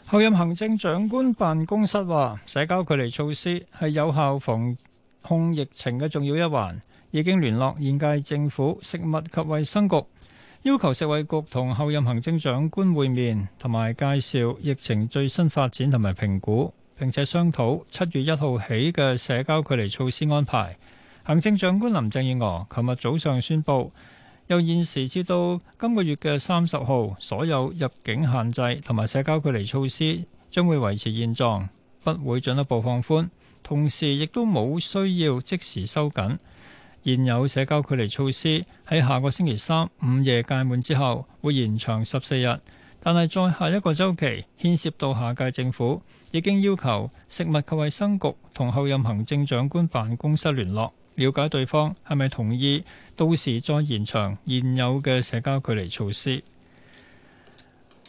後任行政長官辦公室話，社交距離措施係有效防控疫情嘅重要一環，已經聯絡現屆政府食物及衛生局，要求食衛局同後任行政長官會面，同埋介紹疫情最新發展同埋評估，並且商討七月一號起嘅社交距離措施安排。行政長官林鄭月娥琴日早上宣布，由現時至到今個月嘅三十號，所有入境限制同埋社交距離措施將會維持現狀，不會進一步放寬，同時亦都冇需要即時收緊。現有社交距離措施喺下個星期三午夜屆滿之後，會延長十四日。但係，再下一個週期牽涉到下屆政府，已經要求食物及衞生局同後任行政長官辦公室聯絡，了解對方係咪同意到時再延長現有嘅社交距離措施。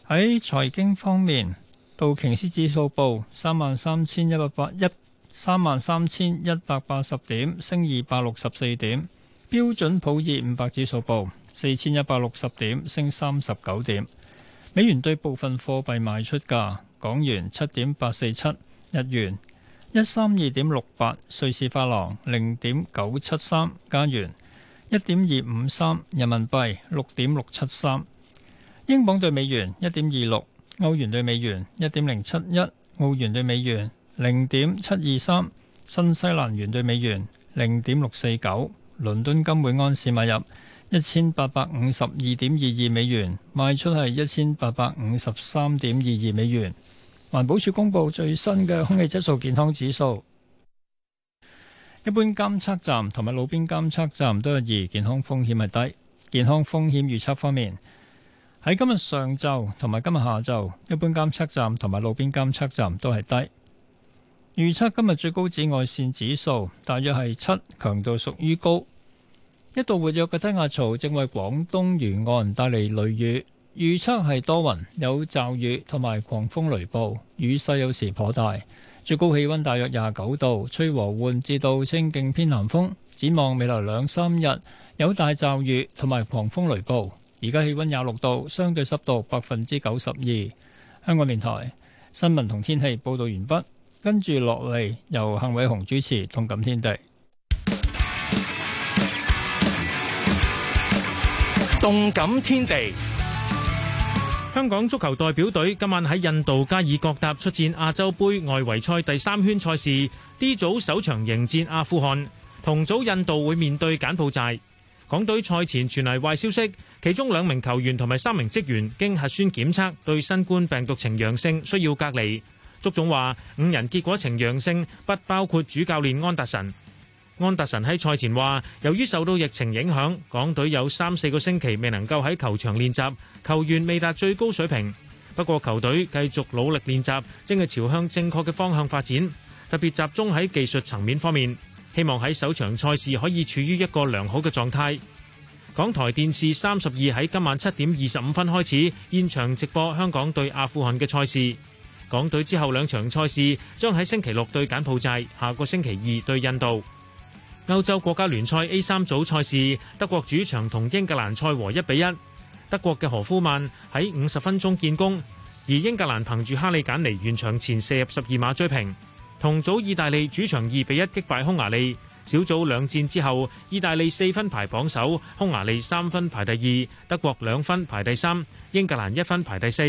喺財經方面，道瓊斯指數報三萬三千一百八一三萬三千一百八十點，升二百六十四點；標準普爾五百指數報四千一百六十點，升三十九點。美元對部分貨幣賣出價：港元七點八四七，日元一三二點六八，瑞士法郎零點九七三，加元一點二五三，人民幣六點六七三，英鎊對美元一點二六，歐元對美元一點零七一，澳元對美元零點七二三，新西蘭元對美元零點六四九，倫敦金每安士買入一千八百五十二點二二美元，賣出係一千八百五十三點二二美元。環保署公布最新嘅空氣質素健康指數， 一般監測站同埋路邊監測站都係二，健康風險係低。健康風險預測方面，喺今日上晝同埋今日下晝，一般監測站同埋路邊監測站都係低。預測今日最高紫外線指數大約係七，強度屬於高。一度活躍嘅低壓槽正為廣東沿岸帶嚟雷雨，預測係多雲有驟雨同埋狂風雷暴，雨勢有時頗大。最高氣温大約廿九度，吹和緩至到清勁偏南風。展望未來兩三日有大驟雨同埋狂風雷暴。而家氣温廿六度，相對濕度百分之九十二。香港電台新聞同天氣報導完畢，跟住落嚟由幸偉雄主持《同感天地》。動感天地，香港足球代表隊今晚喺印度加爾各答出戰亞洲盃外圍賽第三圈賽事，D 組首場迎戰阿富汗，同組印度會面對柬埔寨。港隊賽前傳嚟壞消息，其中兩名球員同埋三名職員經核酸檢測對新冠病毒呈陽性，需要隔離。足總話五人結果呈陽性，不包括主教練安達臣。安達臣喺賽前話，由於受到疫情影響，港隊有三四個星期未能夠喺球場練習，球員未達最高水平。不過，球隊繼續努力練習，正係朝向正確嘅方向發展，特別集中喺技術層面方面，希望喺首場賽事可以處於一個良好嘅狀態。港台電視三十二喺今晚七點二十五分開始現場直播香港對阿富汗嘅賽事。港隊之後兩場賽事將喺星期六對柬埔寨，下個星期二對印度。歐洲國家聯賽 A 三組賽事，德國主場同英格蘭賽和一比一，德國嘅何夫曼喺五十分鐘建功，而英格蘭憑住哈利簡尼完場前射入十二碼追平。同組意大利主場二比一擊敗匈牙利，小組兩戰之後，意大利四分排榜首，匈牙利三分排第二，德國兩分排第三，英格蘭一分排第四。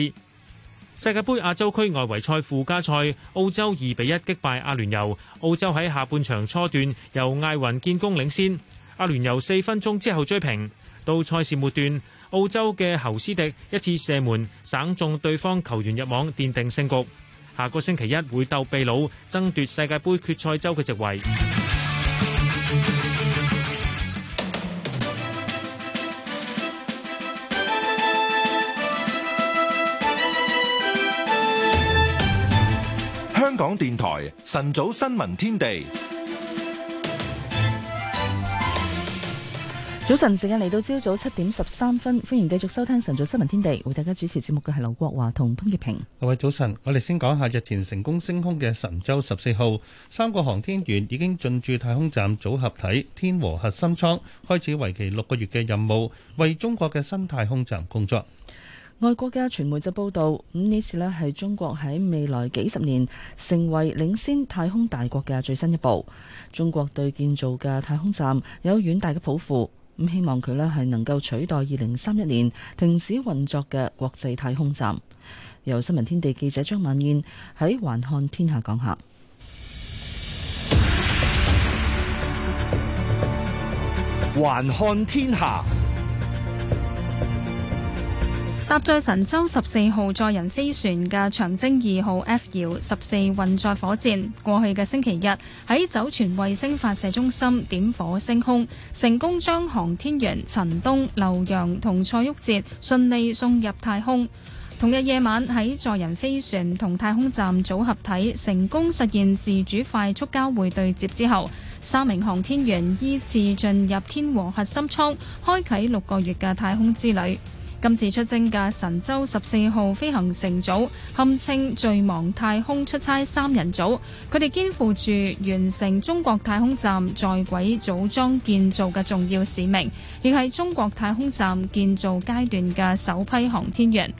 世界盃亞洲區外圍賽附加賽，澳洲二比一擊敗阿聯酋。澳洲喺下半場初段由艾雲建功領先，阿聯酋四分鐘之後追平。到賽事末段，澳洲嘅侯斯迪一次射門，省中對方球員入網，奠定勝局。下個星期一會鬥秘魯，爭奪世界盃決賽週嘅席位。港電台晨早新聞天地，早晨時間嚟到朝早七點十三分，歡迎繼續收聽晨早新聞天地，為大家主持節目嘅係劉國華同潘潔平。各位早晨，我哋先講下日前成功升空嘅神舟十四號，三個航天員已經進駐太空站組合體天和核心艙，開始為期六個月嘅任務，為中國嘅新太空站工作。外國嘅傳媒就報道，咁呢次呢係中國喺未來幾十年成為領先太空大國嘅最新一步。中國對建造嘅太空站有遠大嘅抱負，咁希望佢呢係能夠取代二零三一年停止運作嘅國際太空站。由新聞天地記者張萬燕喺《環看天下》講下，《環看天下》。搭載神舟十四號載人飛船嘅長征二號 F 遙十四運載火箭，過去嘅星期日喺酒泉衛星發射中心點火升空，成功將航天員陳冬、劉洋同蔡旭哲順利送入太空。同日夜晚喺載人飛船同太空站組合體成功實現自主快速交會對接之後，三名航天員依次進入天和核心艙，開啟六個月嘅太空之旅。今次出征嘅神舟十四號飛行乘組，堪稱最忙太空出差三人組。佢哋肩負住完成中國太空站在軌組裝建造嘅重要使命，亦係中國太空站建造階段嘅首批航天員。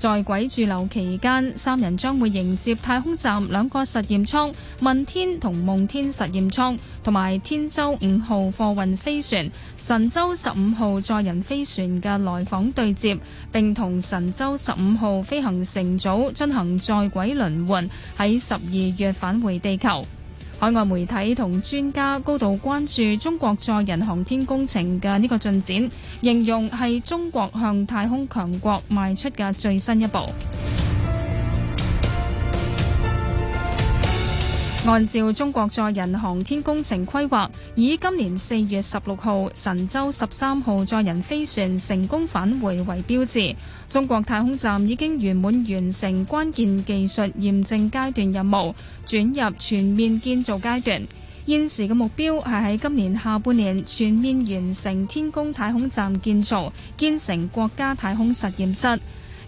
在軌駐留期間，三人將會迎接太空站兩個實驗艙——問天同夢天實驗艙，同埋天舟五號貨運飛船、神舟十五號載人飛船嘅來訪對接，並同神舟十五號飛行乘組進行軌軌在軌輪換，喺十二月返回地球。海外媒體同專家高度關注中國載人航天工程嘅呢個進展，形容係中國向太空強國邁出嘅最新一步。按照中國載人航天工程規劃，以今年四月十六號神舟十三號載人飛船成功返回為標誌，中國太空站已經圓滿完成關鍵技術驗證階段任務，轉入全面建造階段。現時嘅目標係喺今年下半年全面完成天宮太空站建造，建成國家太空實驗室。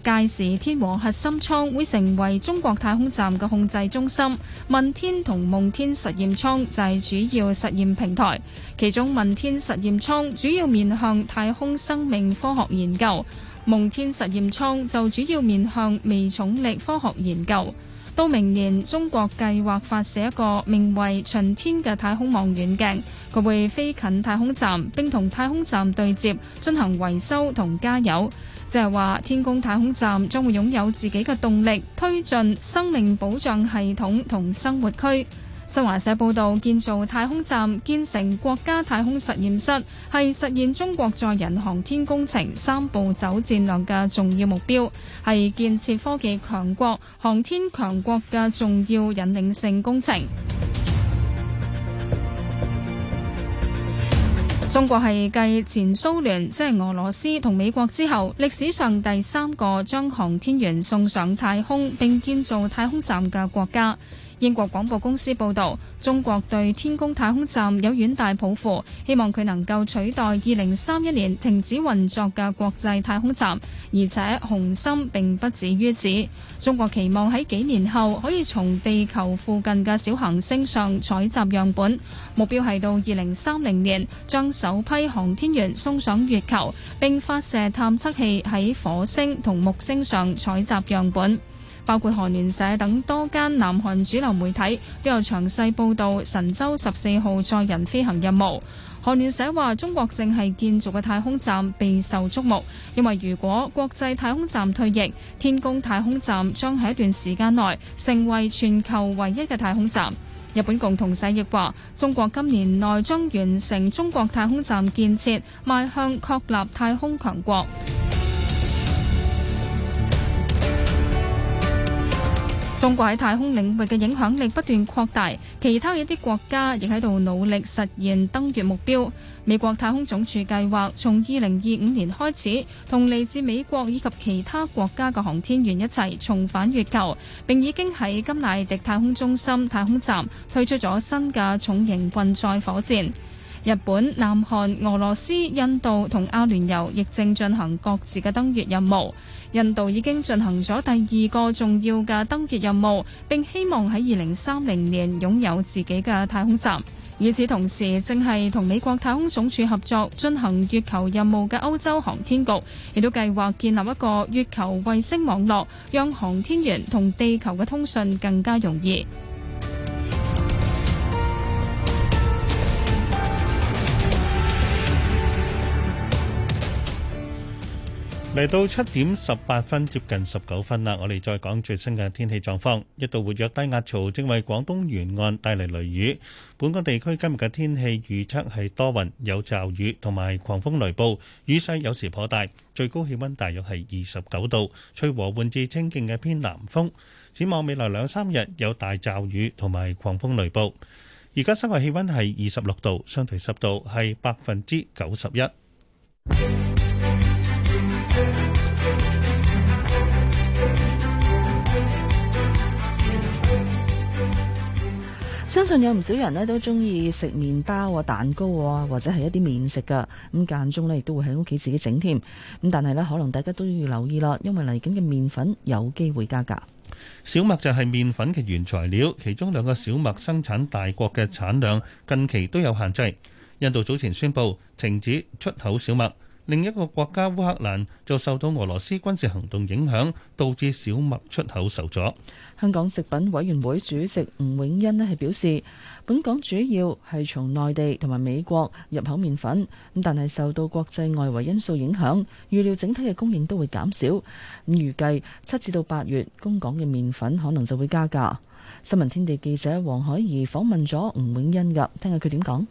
屆時，天和核心艙會成為中國太空站嘅控制中心，問天同夢天實驗艙就係主要實驗平台。其中，問天實驗艙主要面向太空生命科學研究，夢天實驗艙就主要面向微重力科學研究。到明年，中國計劃發射一個名為巡天嘅太空望遠鏡，佢會飛近太空站，並同太空站對接進行維修同加油。即係話，天宮太空站將會擁有自己嘅動力推進、生命保障系統同生活區。新華社報道，建造太空站、建成國家太空實驗室，係實現中國載人航天工程三步走戰略嘅重要目標，係建設科技強國、航天強國嘅重要引領性工程。中國係繼前蘇聯，即係俄羅斯同美國之後，歷史上第三個將航天員送上太空並建造太空站嘅國家。英國廣播公司報道，中國對天宮太空站有遠大抱負，希望佢能夠取代二零三一年停止運作嘅國際太空站。而且雄心並不止於此，中國期望喺幾年後可以從地球附近嘅小行星上採集樣本，目標係到二零三零年將首批航天員送上月球，並發射探測器喺火星同木星上採集樣本。包括韓聯社等多間南韓主流媒體都有詳細報道神舟十四號載人飛行任務。韓聯社話：中國正係建造嘅太空站備受矚目，因為如果國際太空站退役，天宮太空站將喺一段時間內成為全球唯一嘅太空站。日本共同社亦話：中國今年內將完成中國太空站建設，邁向確立太空強國。中國喺太空領域嘅影響力不斷擴大，其他一啲國家亦喺度努力實現登月目標。美國太空總署計劃從二零二五年開始，同嚟自美國以及其他國家嘅航天員一齊重返月球，並已經喺甘迺迪太空中心太空站推出咗新嘅重型運載火箭。日本、南韓、俄羅斯、印度同阿聯酋亦正進行各自嘅登月任務。印度已經進行咗第二個重要嘅登月任務，並希望喺二零三零年擁有自己嘅太空站。與此同時，正係同美國太空總署合作進行月球任務嘅歐洲航天局，亦都計劃建立一個月球衛星網絡，讓航天員同地球嘅通訊更加容易。嚟到七點十八分，接近十九分啦，我哋再講最新嘅天氣狀況。一道活躍低壓槽正為廣東沿岸帶嚟雷雨，本港地區今日嘅天氣預測係多雲有驟雨同埋狂風雷暴，雨勢有時頗大，最高氣溫大約係二十九度，吹和緩至清勁嘅偏南風。展望未來兩三日有大驟雨同埋狂風雷暴。而家室外氣溫係二十六度，相對濕度係百分之九十一。相信有唔少人呢都中意食麵包啊、蛋糕啊，或者係一啲麵食噶。咁間中呢亦都會喺屋企自己整添。咁但係呢，可能大家都要留意啦，因為嚟緊嘅麵粉有機會加價。小麥就係麵粉嘅原材料，其中兩個小麥生產大國嘅產量近期都有限制。印度早前宣布停止出口小麥。另一個國家烏克蘭就受到俄羅斯軍事行動影響，導致小麥出口受阻。香港食品委員會主席吳永恩咧係表示，本港主要係從內地同埋美國入口麵粉，咁但係受到國際外圍因素影響，預料整體嘅供應都會減少。咁預計七至到八月供港嘅麵粉可能就會加價。新聞天地記者黃海怡訪問咗吳永恩，噶，聽下佢點講。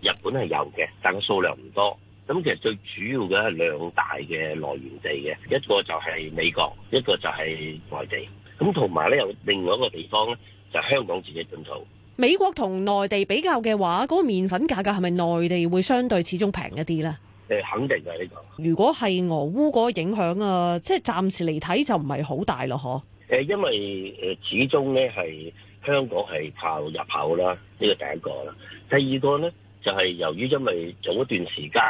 日本係有嘅，但個數量唔多。咁其實最主要嘅係兩大嘅來源地嘅，一個就係美國，一個就係內地。咁同埋咧，有另外一個地方咧，就香港自己本土。美國同內地比較嘅話，嗰個麵粉價格係咪內地會相對始終平一啲咧？誒，肯定係呢個。如果係俄烏嗰個影響啊，即係暫時嚟睇就唔係好大咯，嗬？誒，因為誒始終咧係香港係靠入口啦，呢個第一個啦。第二個咧。就係由於因為早一段時間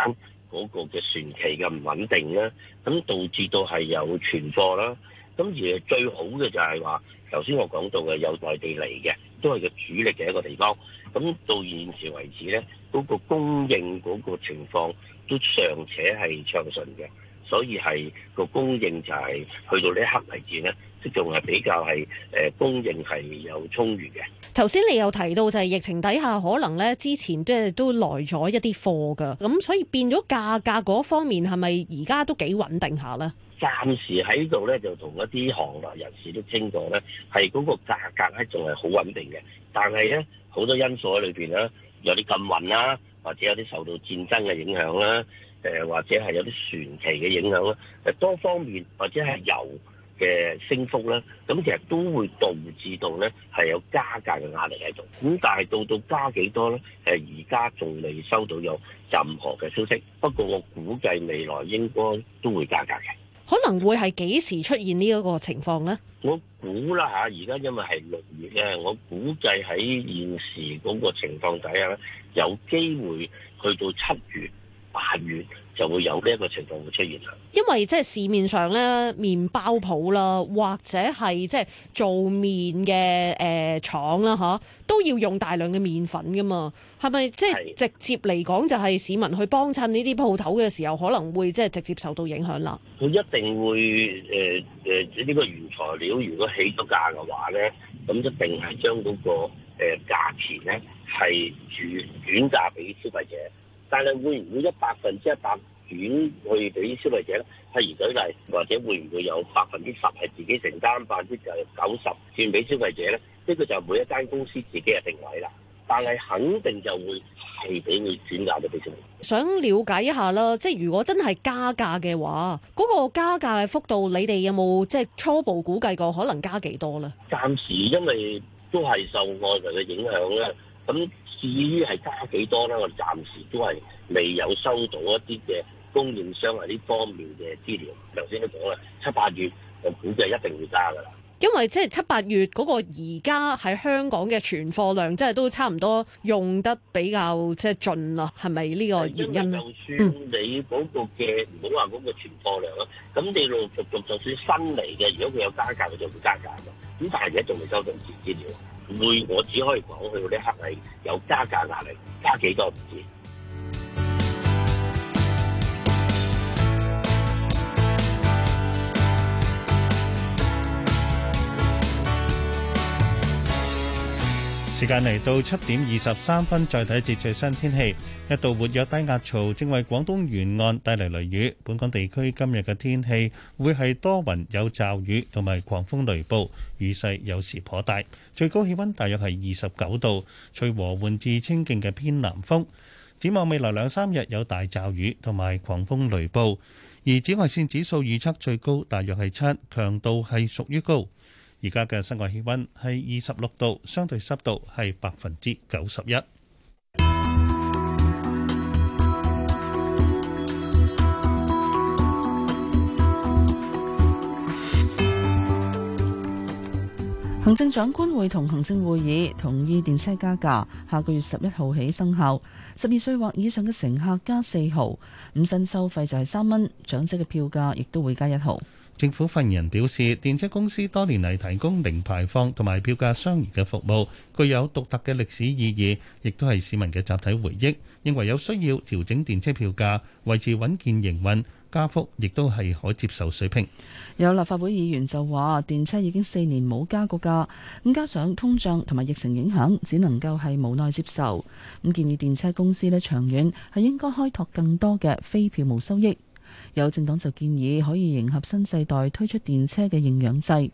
嗰個嘅船期嘅唔穩定啦，咁導致到係有存貨啦。咁而最好嘅就係話，頭先我講到嘅有內地嚟嘅，都係個主力嘅一個地方。咁到現時為止咧，嗰個供應嗰個情況都尚且係暢順嘅，所以係個供應就係去到呢一刻為止咧。仲係比較係誒供應係有充裕嘅。頭先你又提到就係疫情底下可能咧之前即係都來咗一啲貨㗎，咁所以變咗價格嗰方面係咪而家都幾穩定下咧？暫時喺度咧就同一啲行內人士都清楚咧，係嗰個價格係仲係好穩定嘅。但係咧好多因素喺裏邊咧，有啲禁運啦，或者有啲受到戰爭嘅影響啦，誒或者係有啲船期嘅影響啦，誒多方面或者係由……嘅升幅咧，咁其實都會導致到咧係有加價嘅壓力喺度。咁但係到到加幾多咧？誒而家仲未收到有任何嘅消息。不過我估計未來應該都會加價嘅。可能會係幾時出現呢一個情況咧？我估啦吓，而家因為係六月咧，我估計喺現時嗰個情況底下咧，有機會去到七月八月。就會有呢一個情況會出現啦，因為即係市面上咧麵包鋪啦，或者係即係做麵嘅誒廠啦，嚇都要用大量嘅麵粉噶嘛，係咪即係直接嚟講就係市民去幫襯呢啲鋪頭嘅時候，可能會即係直接受到影響啦？佢一定會誒誒，呢、呃呃這個原材料如果起咗價嘅話咧，咁、嗯、一定係將嗰個誒價、呃、錢咧係轉轉嫁俾消費者。但係會唔會一百分之一百轉去俾消費者咧？譬如舉例，或者會唔會有百分之十係自己承擔，百分之九十轉俾消費者咧？呢個就係每一間公司自己嘅定位啦。但係肯定就會係俾你轉嫁到俾消費者。想了解一下啦，即係如果真係加價嘅話，嗰個加價嘅幅度，你哋有冇即係初步估計過可能加幾多咧？暫時因為都係受外圍嘅影響咧。咁至於係加幾多咧，我暫時都係未有收到一啲嘅供應商呀呢方面嘅資料。頭先都講啦，七八月我估計係一定要加噶啦。因為即係七八月嗰個而家喺香港嘅存貨量，即係都差唔多用得比較即係盡咯，係咪呢個原因？因為就算你嗰個嘅唔好話嗰個存貨量啦，咁你陸陸續續就算新嚟嘅，如果佢有加價，佢就會加價嘅。咁但係而家仲未收到全資料。會我只可以講去到呢一刻係有加價壓力，加幾多唔知。時間而家嘅室外氣溫係二十六度，相對濕度係百分之九十一。行政長官會同行政會議同意電車加價，下個月十一號起生效。十二歲或以上嘅乘客加四毫，五新收費就係三蚊，長者嘅票價亦都會加一毫。政府發言人表示，電車公司多年嚟，提供零排放同埋票價相宜嘅服務，具有獨特嘅歷史意義，亦都係市民嘅集體回憶。認為有需要調整電車票價，維持穩健營運，加幅亦都係可接受水平。有立法會議員就話，電車已經四年冇加過價，咁加上通脹同埋疫情影響，只能夠係無奈接受。咁建議電車公司咧，長遠係應該開拓更多嘅非票務收益。有政黨就建議可以迎合新世代推出電車嘅營養制。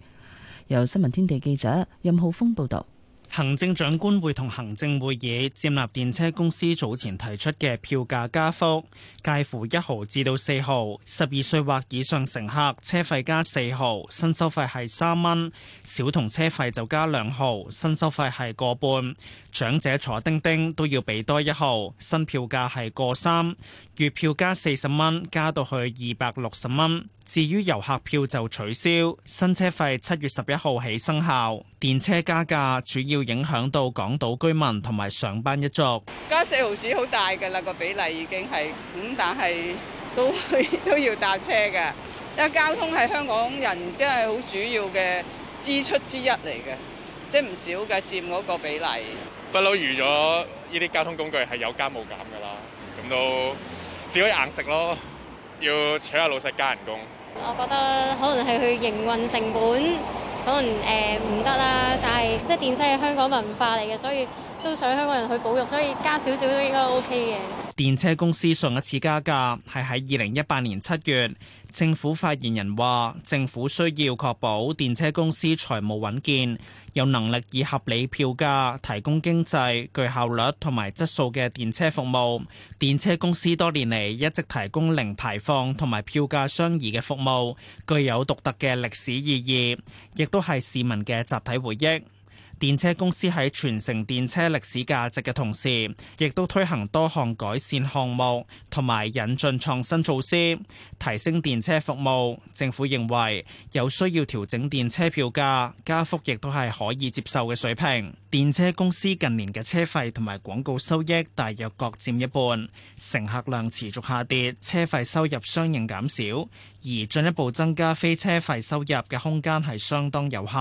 由新聞天地記者任浩峰報導。行政長官會同行政會議佔立電車公司早前提出嘅票價加幅，介乎一毫至到四毫。十二歲或以上乘客車費加四毫，新收費係三蚊；小童車費就加兩毫，新收費係個半。長者坐叮叮都要俾多一毫，新票價係個三。月票加四十蚊，加到去二百六十蚊。至於遊客票就取消，新車費七月十一號起生效。電車加價主要影響到港島居民同埋上班一族。加四毫子好大噶啦，個比例已經係咁，但係都去 都要搭車嘅。因為交通係香港人真係好主要嘅支出之一嚟嘅，即係唔少嘅，佔嗰個比例。不嬲預咗呢啲交通工具係有加冇減噶啦，咁都。只可以硬食咯，要請下老細加人工。我覺得可能係佢營運成本，可能誒唔得啦。但係即係電車係香港文化嚟嘅，所以都想香港人去保育，所以加少少都應該 OK 嘅。電車公司上一次加價係喺二零一八年七月。政府發言人話：政府需要確保電車公司財務穩健，有能力以合理票價提供經濟、具效率同埋質素嘅電車服務。電車公司多年嚟一直提供零排放同埋票價相宜嘅服務，具有獨特嘅歷史意義，亦都係市民嘅集體回憶。電車公司喺傳承電車歷史價值嘅同時，亦都推行多項改善項目同埋引進創新措施，提升電車服務。政府認為有需要調整電車票價，加幅亦都係可以接受嘅水平。電車公司近年嘅車費同埋廣告收益大約各佔一半，乘客量持續下跌，車費收入相應減少。而進一步增加非車費收入嘅空間係相當有限。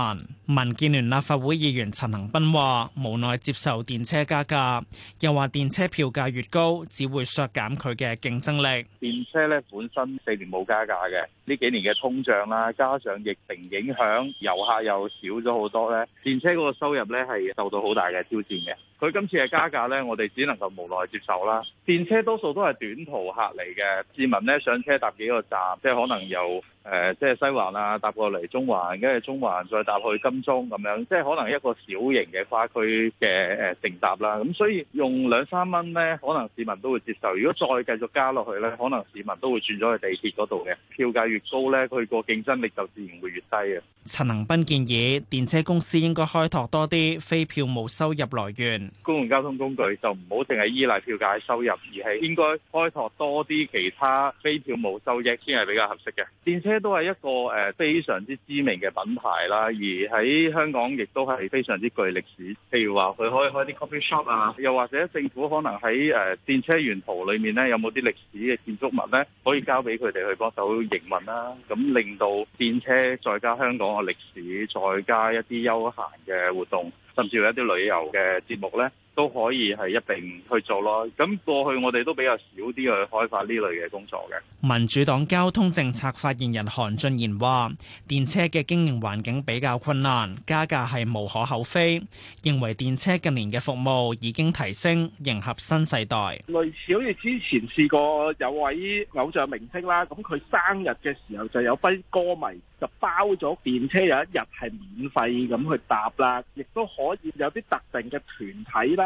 民建聯立法會議員陳恒鑌話，無奈接受電車加價，又話電車票價越高，只會削減佢嘅競爭力。電車呢，本身四年冇加價嘅，呢幾年嘅通脹啦，加上疫情影響，遊客又少咗好多。呢電車嗰個收入呢，係受到好大嘅挑戰嘅。佢今次嘅加價呢，我哋只能夠無奈接受啦。電車多數都係短途客嚟嘅，市民呢，上車搭幾個站，即係可能。朋友。Um, 誒，即係西環啊，搭過嚟中環，跟住中環再搭去金鐘咁樣，即係可能一個小型嘅跨區嘅誒乘搭啦。咁所以用兩三蚊呢，可能市民都會接受。如果再繼續加落去呢，可能市民都會轉咗去地鐵嗰度嘅。票價越高呢，佢個競爭力就自然會越低嘅。陳能斌建議電車公司應該開拓多啲非票務收入來源。公共交通工具就唔好淨係依賴票價收入，而係應該開拓多啲其他非票務收益先係比較合適嘅電車。都係一個誒非常之知名嘅品牌啦，而喺香港亦都係非常之具歷史。譬如話佢可以開啲 coffee shop 啊，又或者政府可能喺誒電車沿途裏面咧，有冇啲歷史嘅建築物咧，可以交俾佢哋去幫手營運啦。咁令到電車再加香港嘅歷史，再加一啲休閒嘅活動，甚至有一啲旅遊嘅節目咧，都可以係一併去做咯。咁過去我哋都比較少啲去開發呢類嘅工作嘅。民主黨交通政策發言人韓俊賢話：電車嘅經營環境比較困難，加價係無可厚非。認為電車近年嘅服務已經提升，迎合新世代。類似好似之前試過有位偶像明星啦，咁佢生日嘅時候就有批歌迷就包咗電車有一日係免費咁去搭啦，亦都可以有啲特定嘅團體啦。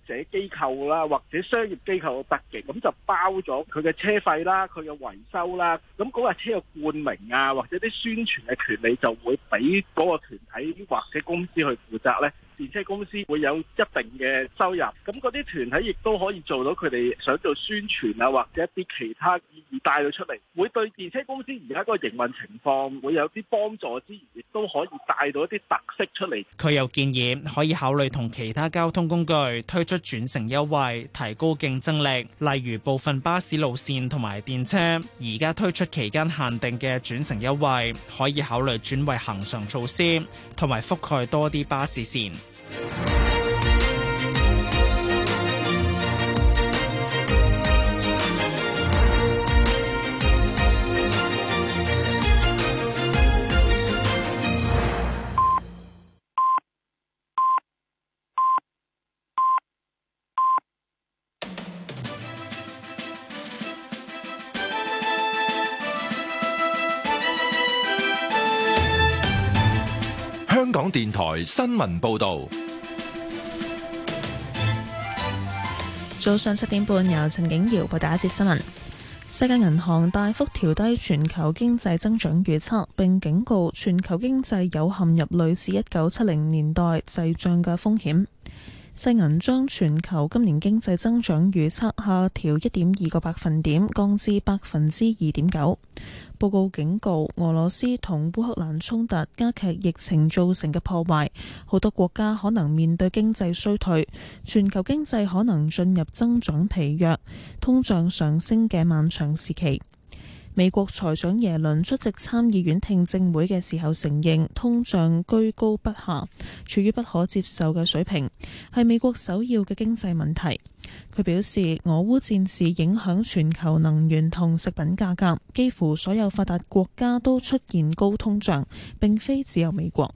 嘅機構啦，或者商業機構嘅特技，咁就包咗佢嘅車費啦，佢嘅維修啦，咁嗰架車嘅冠名啊，或者啲宣傳嘅權利就會俾嗰個團體或者公司去負責呢。電車公司會有一定嘅收入，咁嗰啲團體亦都可以做到佢哋想做宣傳啊，或者一啲其他意義帶到出嚟，會對電車公司而家嗰個營運情況會有啲幫助之餘，亦都可以帶到一啲特色出嚟。佢又建議可以考慮同其他交通工具推出轉乘優惠提高競爭力，例如部分巴士路線同埋電車，而家推出期間限定嘅轉乘優惠，可以考慮轉為恆常措施，同埋覆蓋多啲巴士綫。港電台新聞報道：早上七點半，由陳景瑤報道一節新聞。世界銀行大幅調低全球經濟增長預測，並警告全球經濟有陷入類似一九七零年代滯脹嘅風險。世銀將全球今年經濟增長預測下調一點二個百分點，降至百分之二點九。報告警告，俄羅斯同烏克蘭衝突加劇疫情造成嘅破壞，好多國家可能面對經濟衰退，全球經濟可能進入增長疲弱、通脹上升嘅漫長時期。美國財長耶倫出席參議院聽證會嘅時候，承認通脹居高不下，處於不可接受嘅水平，係美國首要嘅經濟問題。佢表示，俄烏戰事影響全球能源同食品價格，幾乎所有發達國家都出現高通脹，並非只有美國。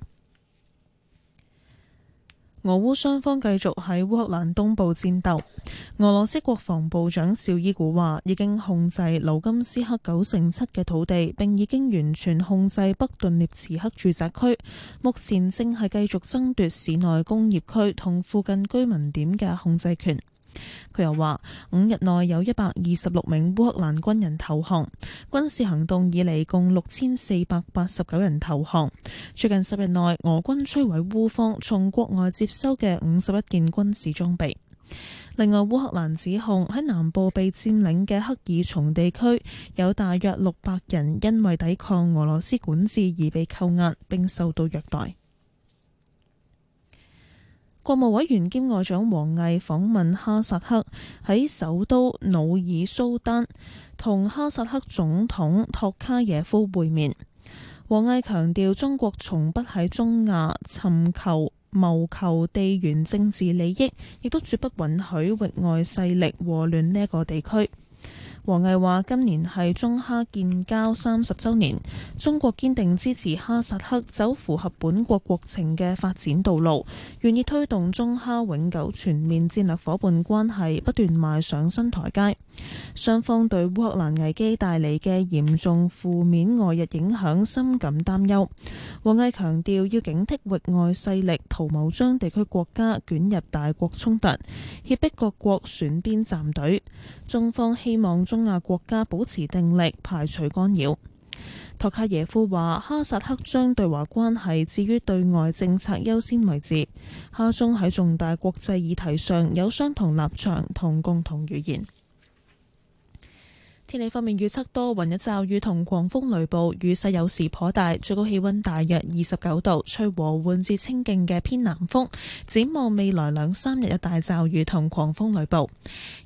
俄烏雙方繼續喺烏克蘭東部戰鬥。俄羅斯國防部長紹伊古話，已經控制盧甘斯克九成七嘅土地，並已經完全控制北頓涅茨克住宅區，目前正係繼續爭奪市內工業區同附近居民點嘅控制權。佢又話，五日內有一百二十六名烏克蘭軍人投降，軍事行動以嚟共六千四百八十九人投降。最近十日內，俄軍摧毀烏方從國外接收嘅五十一件軍事裝備。另外，烏克蘭指控喺南部被佔領嘅克爾松地區，有大約六百人因為抵抗俄羅斯管治而被扣押，並受到虐待。國務委員兼外長王毅訪問哈薩克，喺首都努爾蘇丹同哈薩克總統托卡耶夫會面。王毅強調，中國從不喺中亞尋求謀求地緣政治利益，亦都絕不允許域外勢力禍亂呢一個地區。王毅話：今年係中哈建交三十周年，中國堅定支持哈薩克走符合本國國情嘅發展道路，願意推動中哈永久全面戰略伙伴關係不斷邁上新台階。雙方對烏克蘭危機帶嚟嘅嚴重負面外日影響深感擔憂。王毅強調，要警惕域外勢力圖謀將地區國家捲入大國衝突，脅迫各國選邊站隊。中方希望中亞國家保持定力，排除干擾。托卡耶夫話：哈薩克將對華關係置於對外政策優先位置，哈中喺重大國際議題上有相同立場同共同語言。天氣方面預測多雲有驟雨同狂風雷暴，雨勢有時頗大，最高氣温大約二十九度，吹和緩至清勁嘅偏南風。展望未來兩三日有大驟雨同狂風雷暴。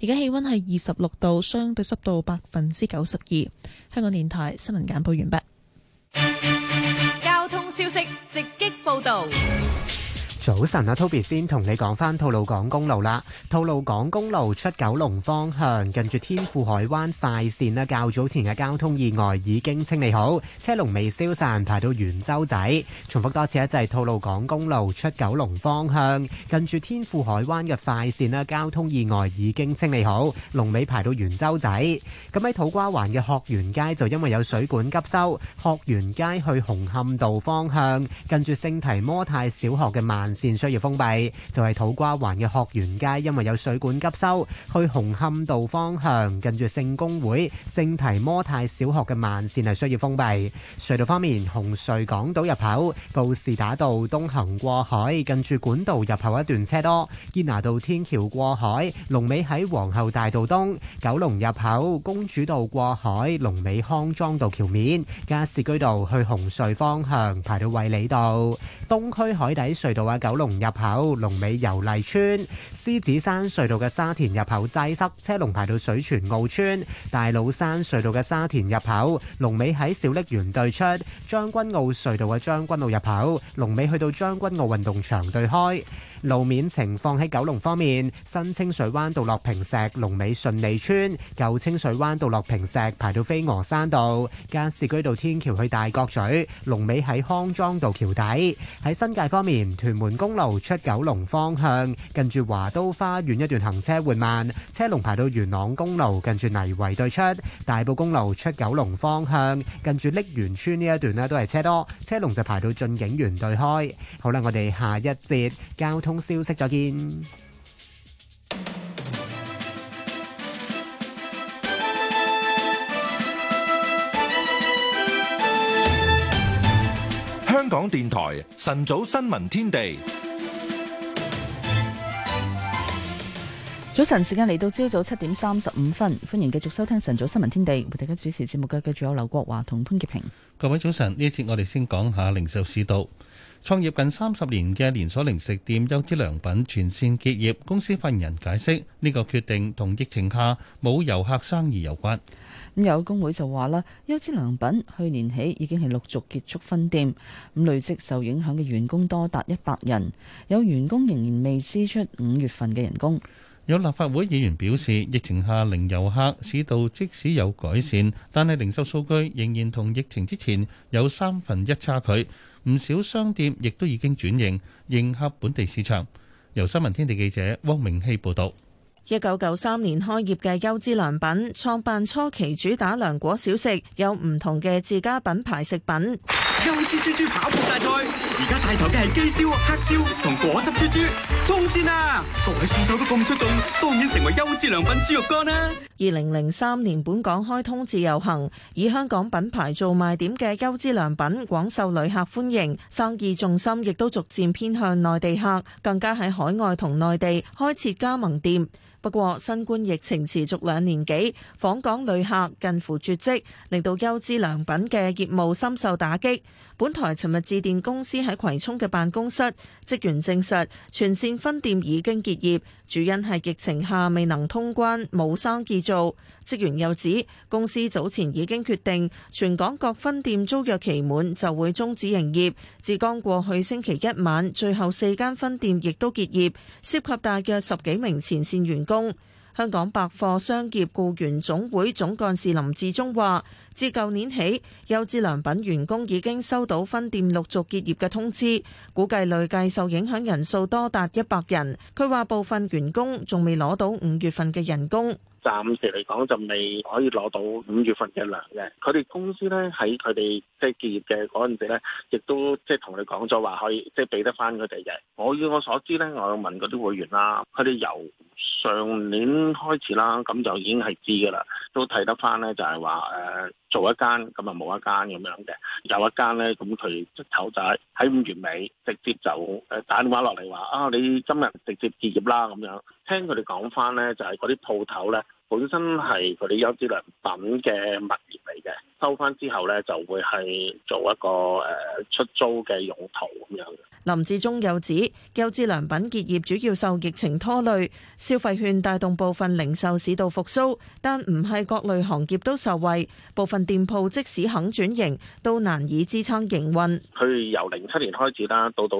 而家氣温係二十六度，相對濕度百分之九十二。香港電台新聞簡報完畢。交通消息直擊報道。早晨啊，Toby 先同你講翻吐露港公路啦。吐露港公路出九龍方向，近住天富海灣快綫啦，較早前嘅交通意外已經清理好，車龍未消散，排到圓洲仔。重複多次，就係吐露港公路出九龍方向，近住天富海灣嘅快綫啦，交通意外已經清理好，龍尾排到圓洲仔。咁喺土瓜灣嘅鶴園街就因為有水管急修，鶴園街去紅磡道方向，近住聖提摩太小學嘅慢線需要封閉，就係土瓜灣嘅學園街，因為有水管急修；去紅磡道方向，近住聖公會聖提摩太小學嘅慢線係需要封閉。隧道方面，紅隧港島入口、告士打道東行過海，近住管道入口一段車多；堅拿道天橋過海，龍尾喺皇后大道東九龍入口、公主道過海，龍尾康莊道橋面、加士居道去紅隧方向排到衛理道。東區海底隧道啊，九龍入口龍尾油麗村，獅子山隧道嘅沙田入口擠塞，車龍排到水泉澳村；大老山隧道嘅沙田入口龍尾喺小瀝源對出，將軍澳隧道嘅將軍澳入口龍尾去到將軍澳運動場對開。路面情況喺九龍方面，新清水灣道落坪石龍尾順利村，舊清水灣道落坪石排到飛鵝山道，加士居道天橋去大角咀龍尾喺康莊道橋底。喺新界方面，屯門元公路出九龍方向近住華都花園一段行車緩慢，車龍排到元朗公路近住泥圍對出。大埔公路出九龍方向近住瀝源邨呢一段都係車多車龍就排到駿景園對開。好啦，我哋下一節交通消息再見。港電台晨早新聞天地，早晨時間嚟到朝早七點三十五分，歡迎繼續收聽晨早新聞天地，為大家主持節目嘅嘅，仲有劉國華同潘潔平。各位早晨，呢次我哋先講下零售市道。創業近三十年嘅連鎖零食店優之良品全線結業，公司發言人解釋呢個決定同疫情下冇遊客生意有關。咁有工會就話啦，優之良品去年起已經係陸續結束分店，咁累積受影響嘅員工多達一百人，有員工仍然未支出五月份嘅人工。有立法會議員表示，疫情下零遊客，市道即使有改善，但係零售數據仍然同疫情之前有三分一差距。唔少商店亦都已經轉型，迎合本地市場。由新聞天地記者汪明熙報導。一九九三年開業嘅優質良品，創辦初期主打涼果小食，有唔同嘅自家品牌食品。優質豬豬跑步大賽，而家帶頭嘅係雞燒黑椒同果汁豬豬，衝線啦！各位選手都咁出眾，當然成為優質良品豬肉乾啦，啊。二零零三年本港開通自由行，以香港品牌做賣點嘅優質良品廣受旅客歡迎，生意重心亦都逐漸偏向內地客，更加喺海外同內地開設加盟店。不過，新冠疫情持續兩年幾，訪港旅客近乎絕跡，令到優之良品嘅業務深受打擊。本台尋日致電公司喺葵涌嘅辦公室，職員證實全線分店已經結業，主因係疫情下未能通關，冇生意做。職員又指，公司早前已經決定全港各分店租約期滿就會終止營業，至剛過去星期一晚，最後四間分店亦都結業，涉及大約十幾名前線員工。香港百貨商業僱員總會總幹事林志忠話。自舊年起，優質良品員工已經收到分店陸續結業嘅通知，估計累計受影響人數多達一百人。佢話部分員工仲未攞到五月份嘅人工。暫時嚟講就未可以攞到五月份嘅糧嘅，佢哋公司咧喺佢哋即係結業嘅嗰陣時咧，亦都即係同你講咗話可以即係俾得翻佢哋嘅。我以我所知咧，我問嗰啲會員啦，佢哋由上年開始啦，咁就已經係知噶啦，都睇得翻咧就係話誒做一間咁啊冇一間咁樣嘅，有一間咧咁佢執手仔喺五月尾直接就誒打電話落嚟話啊你今日直接結業啦咁樣。聽佢哋講翻咧，就係嗰啲鋪頭咧。本身係佢啲優質良品嘅物業嚟嘅，收翻之後咧就會係做一個誒出租嘅用途咁樣。林志忠又指，優質良品結業主要受疫情拖累，消費券帶動部分零售市道復甦，但唔係各類行業都受惠，部分店鋪即使肯轉型，都難以支撐營運。佢由零七年開始啦，到到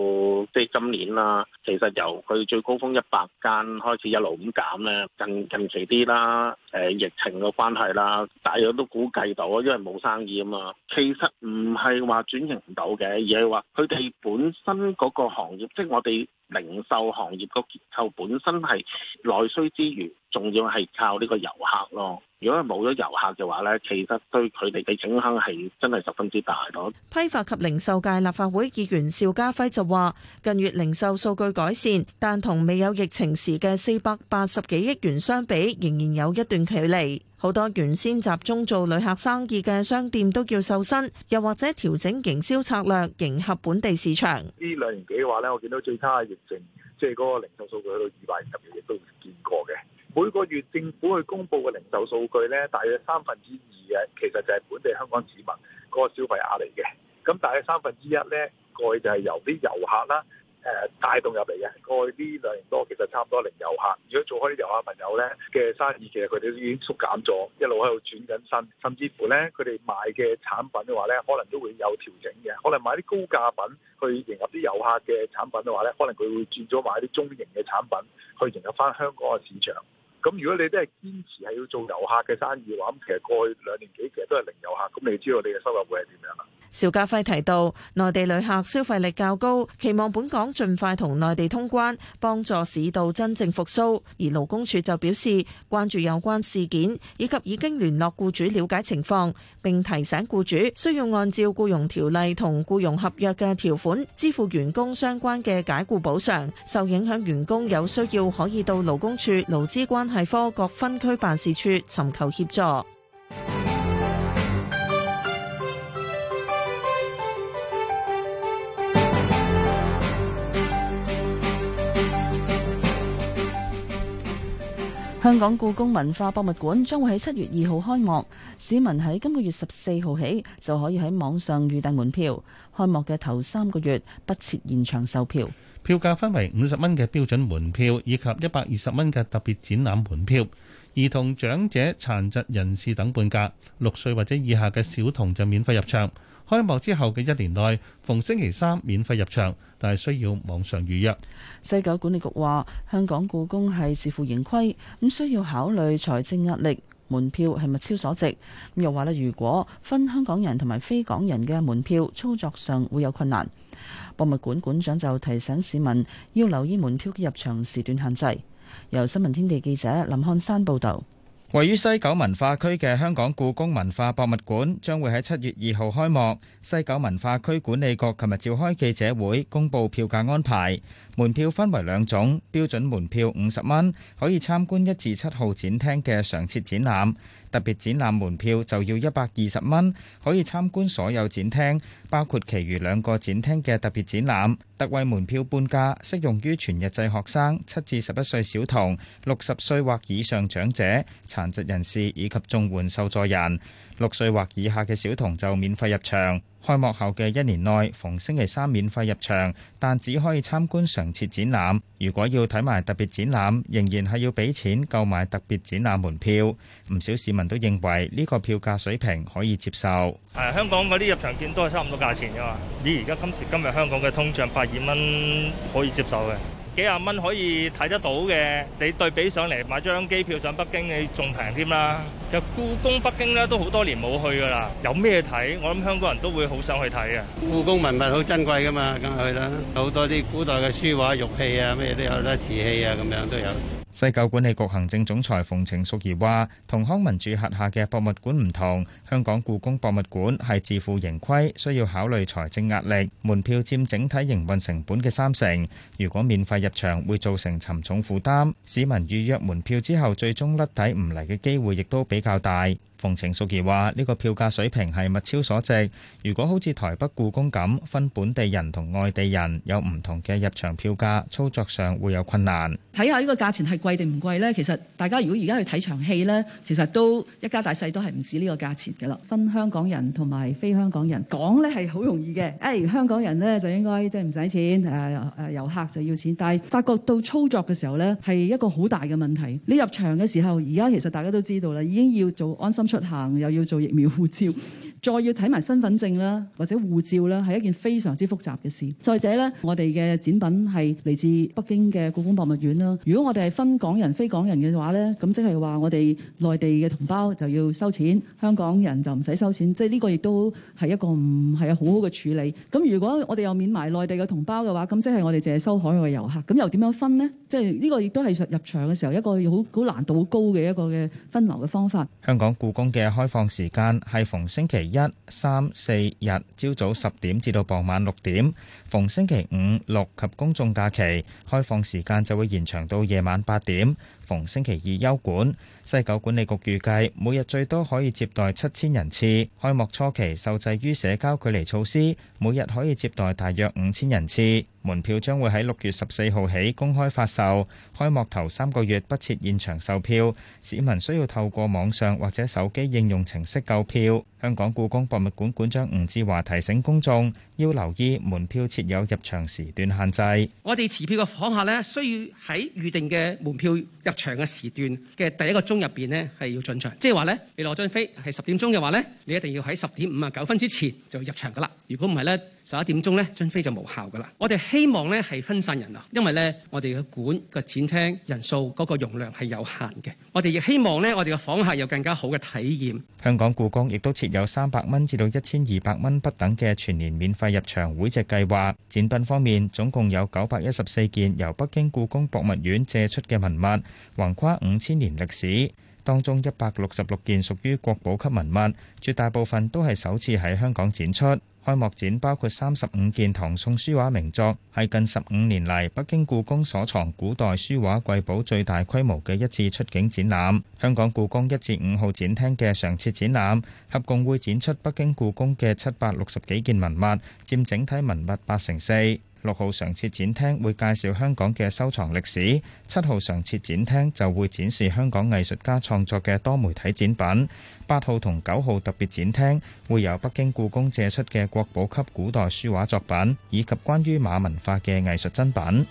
即係今年啦，其實由佢最高峰一百間開始一路咁減咧，近近期啲啦。誒，疫情嘅關係啦，大約都估計到啊，因為冇生意啊嘛。其實唔係話轉型唔到嘅，而係話佢哋本身嗰個行業，即係我哋。零售行業個結構本身係內需之餘仲要係靠呢個遊客咯。如果係冇咗遊客嘅話咧，其實對佢哋嘅影響係真係十分之大咯。批發及零售界立法會議員邵家輝就話，近月零售數據改善，但同未有疫情時嘅四百八十幾億元相比，仍然有一段距離。好多原先集中做旅客生意嘅商店都叫瘦身，又或者調整營銷策略，迎合本地市場。呢兩年幾話咧，我見到最差嘅疫情，即係嗰個零售數據去到二百二十日亦都見過嘅。每個月政府去公布嘅零售數據咧，大約三分之二嘅其實就係本地香港市民嗰個消費額嚟嘅，咁大約三分之一咧，過去就係由啲遊客啦。誒帶、呃、動入嚟嘅，過去呢兩年多其實差唔多零遊客。如果做開啲遊客朋友咧嘅生意，其實佢哋已經縮減咗，一路喺度轉緊身。甚至乎咧佢哋賣嘅產品嘅話咧，可能都會有調整嘅。可能買啲高價品去迎合啲遊客嘅產品嘅話咧，可能佢會轉咗買啲中型嘅產品去迎合翻香港嘅市場。咁如果你都係堅持係要做遊客嘅生意嘅話，咁其實過去兩年幾其實都係零遊客，咁你知道你嘅收入會係點樣啦。邵家輝提到，內地旅客消費力較高，期望本港盡快同內地通關，幫助市道真正復甦。而勞工處就表示，關注有關事件，以及已經聯絡雇主了解情況，並提醒雇主需要按照僱傭條例同僱傭合約嘅條款支付員工相關嘅解雇補償。受影響員工有需要可以到勞工處勞資關係科各分區辦事處尋求協助。香港故宮文化博物館將會喺七月二號開幕，市民喺今個月十四號起就可以喺網上預訂門票。開幕嘅頭三個月不設現場售票，票價分為五十蚊嘅標準門票以及一百二十蚊嘅特別展覽門票，兒童、長者、殘疾人士等半價，六歲或者以下嘅小童就免費入場。開幕之後嘅一年內，逢星期三免費入場，但係需要網上預約。西九管理局話，香港故宮係自負盈虧，咁需要考慮財政壓力，門票係物超所值。又話咧，如果分香港人同埋非港人嘅門票，操作上會有困難。博物館館長就提醒市民要留意門票嘅入場時段限制。由新聞天地記者林漢山報道。位於西九文化區嘅香港故宮文化博物館將會喺七月二號開幕。西九文化區管理局琴日召開記者會，公布票價安排。門票分為兩種，標準門票五十蚊，可以參觀一至七號展廳嘅常設展覽。特別展覽門票就要一百二十蚊，可以參觀所有展廳，包括其餘兩個展廳嘅特別展覽。特惠門票半價，適用於全日制學生、七至十一歲小童、六十歲或以上長者、殘疾人士以及綜援受助人。六歲或以下嘅小童就免費入場。開幕後嘅一年內，逢星期三免費入場，但只可以參觀常設展覽。如果要睇埋特別展覽，仍然係要俾錢購買特別展覽門票。唔少市民都認為呢個票價水平可以接受。係香港嗰啲入場券都係差唔多價錢嘅嘛。你而家今時今日香港嘅通脹百二蚊可以接受嘅。幾廿蚊可以睇得到嘅，你對比上嚟買張機票上北京，你仲平添啦。入故宮，北京咧都好多年冇去㗎啦，有咩睇？我諗香港人都會好想去睇嘅。故宮文物好珍貴㗎嘛，梗係去啦，好多啲古代嘅書畫、玉器啊，咩都有啦，瓷器啊咁樣都有。西九管理局行政總裁馮程淑儀話，同康文署轄下嘅博物館唔同，香港故宮博物館係自負盈虧，需要考慮財政壓力，門票佔整體營運成本嘅三成。如果免費入場，會造成沉重負擔，市民預約門票之後最終甩底唔嚟嘅機會亦都比較大。馮程淑儀話：呢、這個票價水平係物超所值。如果好似台北故宮咁分本地人同外地人有唔同嘅入場票價，操作上會有困難。睇下呢個價錢係貴定唔貴呢？其實大家如果而家去睇場戲呢，其實都一家大細都係唔止呢個價錢嘅啦。分香港人同埋非香港人講呢，係好容易嘅。誒、哎、香港人呢就該，就應該即係唔使錢誒誒遊客就要錢。但係發覺到操作嘅時候呢，係一個好大嘅問題。你入場嘅時候而家其實大家都知道啦，已經要做安心。出行又要做疫苗護照。再要睇埋身份證啦，或者護照啦，係一件非常之複雜嘅事。再者咧，我哋嘅展品係嚟自北京嘅故宮博物院啦。如果我哋係分港人非港人嘅話咧，咁即係話我哋內地嘅同胞就要收錢，香港人就唔使收錢，即係呢個亦都係一個唔係好好嘅處理。咁如果我哋又免埋內地嘅同胞嘅話，咁即係我哋淨係收海外遊客。咁又點樣分咧？即係呢個亦都係入場嘅時候一個好好難度好高嘅一個嘅分流嘅方法。香港故宮嘅開放時間係逢星期一三四日朝早十點至到傍晚六點，逢星期五、六及公眾假期，開放時間就會延長到夜晚八點，逢星期二休館。西九管理局預計每日最多可以接待七千人次。開幕初期受制於社交距離措施，每日可以接待大約五千人次。門票將會喺六月十四號起公開發售。開幕頭三個月不設現場售票，市民需要透過網上或者手機應用程式購票。香港故宮博物館館長吳志華提醒公眾要留意門票設有入場時段限制。我哋持票嘅訪客咧，需要喺預定嘅門票入場嘅時段嘅第一個鐘。入邊咧，係要進場，即係話咧，你攞張飛係十點鐘嘅話咧，你一定要喺十點五啊九分之前就入場噶啦，如果唔係咧。十一點鐘呢，進飛就無效噶啦。我哋希望呢係分散人流，因為呢我哋嘅館個展廳人數嗰個容量係有限嘅。我哋亦希望呢，我哋嘅訪客有更加好嘅體驗。香港故宮亦都設有三百蚊至到一千二百蚊不等嘅全年免費入場會籍計劃。展品方面，總共有九百一十四件由北京故宮博物院借出嘅文物，橫跨五千年歷史。當中一百六十六件屬於國寶級文物，絕大部分都係首次喺香港展出。開幕展包括三十五件唐宋書畫名作，係近十五年嚟北京故宮所藏古代書畫瑰寶最大規模嘅一次出境展覽。香港故宮一至五號展廳嘅常設展覽，合共會展出北京故宮嘅七百六十幾件文物，佔整體文物八成四。六號常設展廳會介紹香港嘅收藏歷史，七號常設展廳就會展示香港藝術家創作嘅多媒體展品。八號同九號特別展廳會由北京故宮借出嘅國寶級古代書畫作品，以及關於馬文化嘅藝術珍品。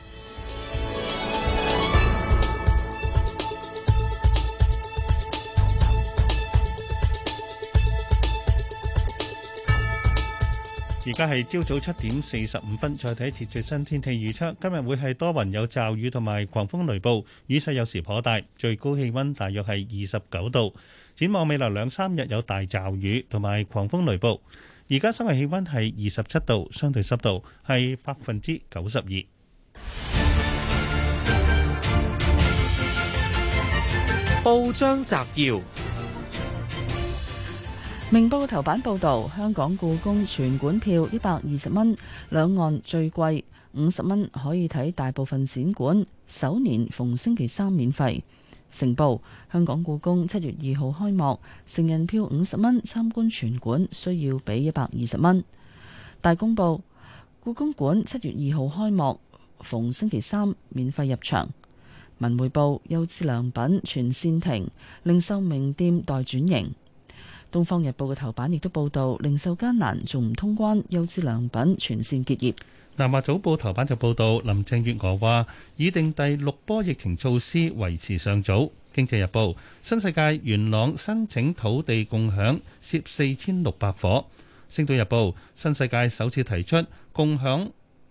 而家係朝早七點四十五分，再睇一次最新天氣預測。今日會係多雲有驟雨同埋狂風雷暴，雨勢有時頗大，最高氣溫大約係二十九度。展望未來兩三日有大驟雨同埋狂風雷暴。而家室外氣溫係二十七度，相對濕度係百分之九十二。報章摘要。明報頭版報道，香港故宮全館票一百二十蚊，兩岸最貴五十蚊可以睇大部分展館，首年逢星期三免費。成報，香港故宮七月二號開幕，成人票五十蚊，參觀全館需要俾一百二十蚊。大公報，故宮館七月二號開幕，逢星期三免費入場。文匯報，優質良品全線停，零售名店待轉型。《東方日報》嘅頭版亦都報道，零售艱難，仲唔通關，優之良品全線結業。《南華早報》頭版就報道，林鄭月娥話已定第六波疫情措施維持尚早。《經濟日報》，新世界元朗申請土地共享涉四千六百伙，《星島日報》新世界首次提出共享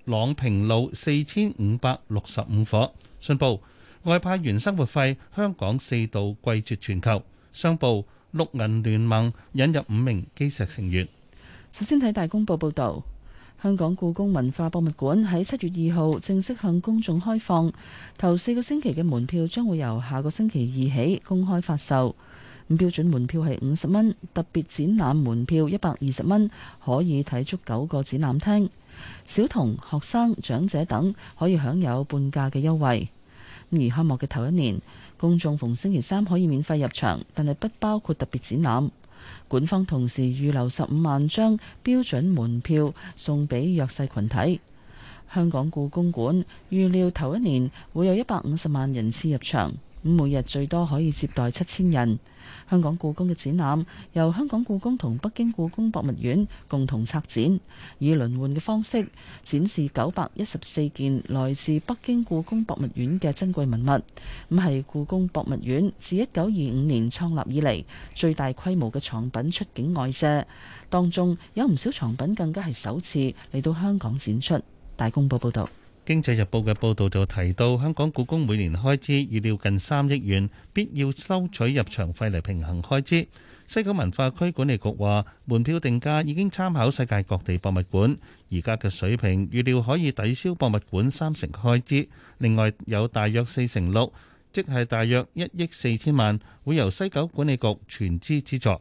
朗屏路四千五百六十五伙，《信報》外派員生活費香港四度季絕全球，《商報》。六銀聯盟引入五名基石成員。首先睇大公報報導，香港故宮文化博物館喺七月二號正式向公眾開放，頭四個星期嘅門票將會由下個星期二起公開發售。咁標準門票係五十蚊，特別展覽門票一百二十蚊，可以睇足九個展覽廳。小童、學生、長者等可以享有半價嘅優惠。而開幕嘅頭一年，公眾逢星期三可以免費入場，但係不包括特別展覽。管方同時預留十五萬張標準門票送俾弱勢群體。香港故宮館預料頭一年會有一百五十萬人次入場，每日最多可以接待七千人。香港故宮嘅展覽由香港故宮同北京故宮博物院共同策展，以輪換嘅方式展示九百一十四件來自北京故宮博物院嘅珍貴文物。咁係故宮博物院自一九二五年創立以嚟最大規模嘅藏品出境外借，當中有唔少藏品更加係首次嚟到香港展出。大公報報道。《經濟日報》嘅報導就提到，香港故宮每年開支預料近三億元，必要收取入場費嚟平衡開支。西九文化區管理局話，門票定價已經參考世界各地博物館而家嘅水平，預料可以抵消博物館三成開支。另外，有大約四成六，即係大約一億四千萬，會由西九管理局全資資助。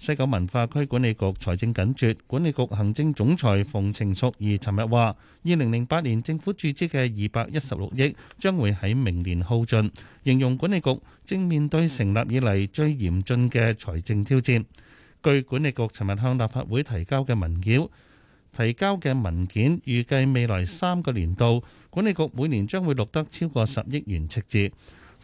西九文化區管理局財政緊絀，管理局行政總裁馮程淑儀尋日話：二零零八年政府注資嘅二百一十六億將會喺明年耗盡，形容管理局正面對成立以嚟最嚴峻嘅財政挑戰。據管理局尋日向立法會提交嘅文件，提交嘅文件預計未來三個年度，管理局每年將會錄得超過十億元赤字。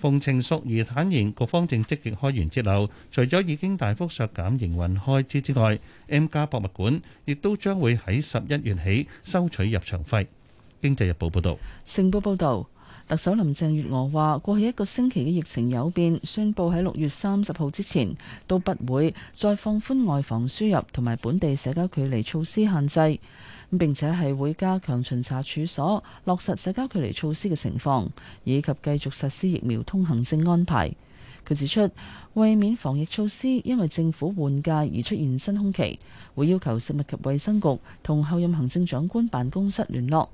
馮程淑儀坦言，各方正積極開源節流。除咗已經大幅削減營運開支之外，M+ 博物館亦都將會喺十一月起收取入場費。經濟日報報導，成報報導，特首林鄭月娥話：過去一個星期嘅疫情有變，宣布喺六月三十號之前都不會再放寬外防輸入同埋本地社交距離措施限制。並且係會加強巡查處所，落實社交距離措施嘅情況，以及繼續實施疫苗通行證安排。佢指出，為免防疫措施因為政府換屆而出現真空期，會要求食物及衛生局同後任行政長官辦公室聯絡。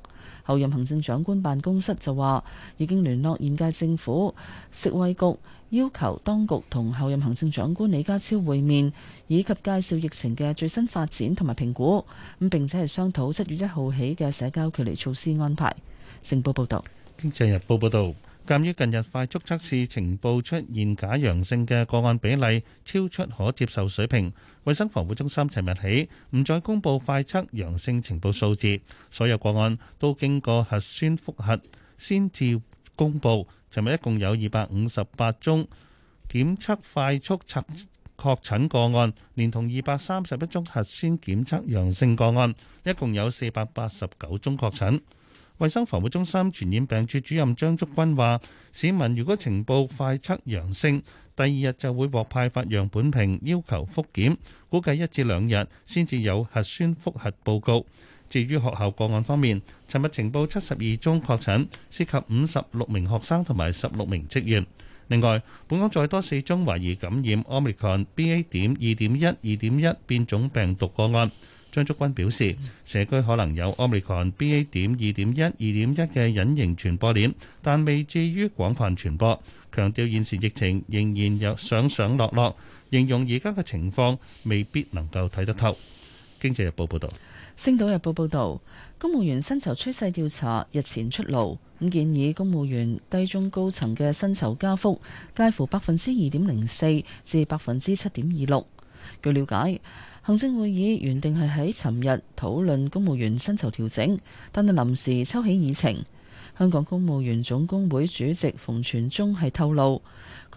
後任行政長官辦公室就話，已經聯絡現屆政府食衛局。要求當局同後任行政長官李家超會面，以及介紹疫情嘅最新發展同埋評估，咁並且係商討七月一號起嘅社交距離措施安排。成報報道，《經濟日報》報道，鑑於近日快速測試情報出現假陽性嘅個案比例超出可接受水平，衛生防護中心尋日起唔再公佈快測陽性情報數字，所有個案都經過核酸複核先至公佈。尋日一共有二百五十八宗檢測快速測確診個案，連同二百三十一宗核酸檢測陽性個案，一共有四百八十九宗確診。衛生防護中心傳染病處主任張竹君話：市民如果呈報快測陽性，第二日就會獲派發樣本瓶，要求復檢，估計一至兩日先至有核酸複核報告。至於學校個案方面，尋日呈報七十二宗確診，涉及五十六名學生同埋十六名職員。另外，本港再多四宗懷疑感染 Omicron B A. 點二點一二點一變種病毒個案。張竹君表示，社區可能有 Omicron B A. 點二點一二點一嘅隱形傳播鏈，但未至於廣泛傳播。強調現時疫情仍然有上上落落，形容而家嘅情況未必能夠睇得透。經濟日報報導。星島日報報道，公務員薪酬趨勢調查日前出爐，咁建議公務員低中高層嘅薪酬加幅介乎百分之二點零四至百分之七點二六。據了解，行政會議原定係喺尋日討論公務員薪酬調整，但係臨時抽起議程。香港公務員總工會主席馮傳宗係透露。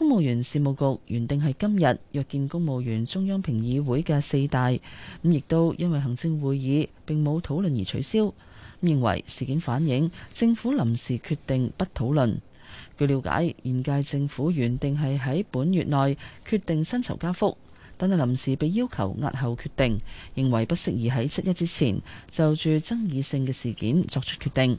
公務員事務局原定係今日約見公務員中央評議會嘅四大，咁亦都因為行政會議並冇討論而取消。咁認為事件反映政府臨時決定不討論。據了解，現屆政府原定係喺本月內決定薪酬加幅，但係臨時被要求押後決定，認為不適宜喺七一之前就住爭議性嘅事件作出決定。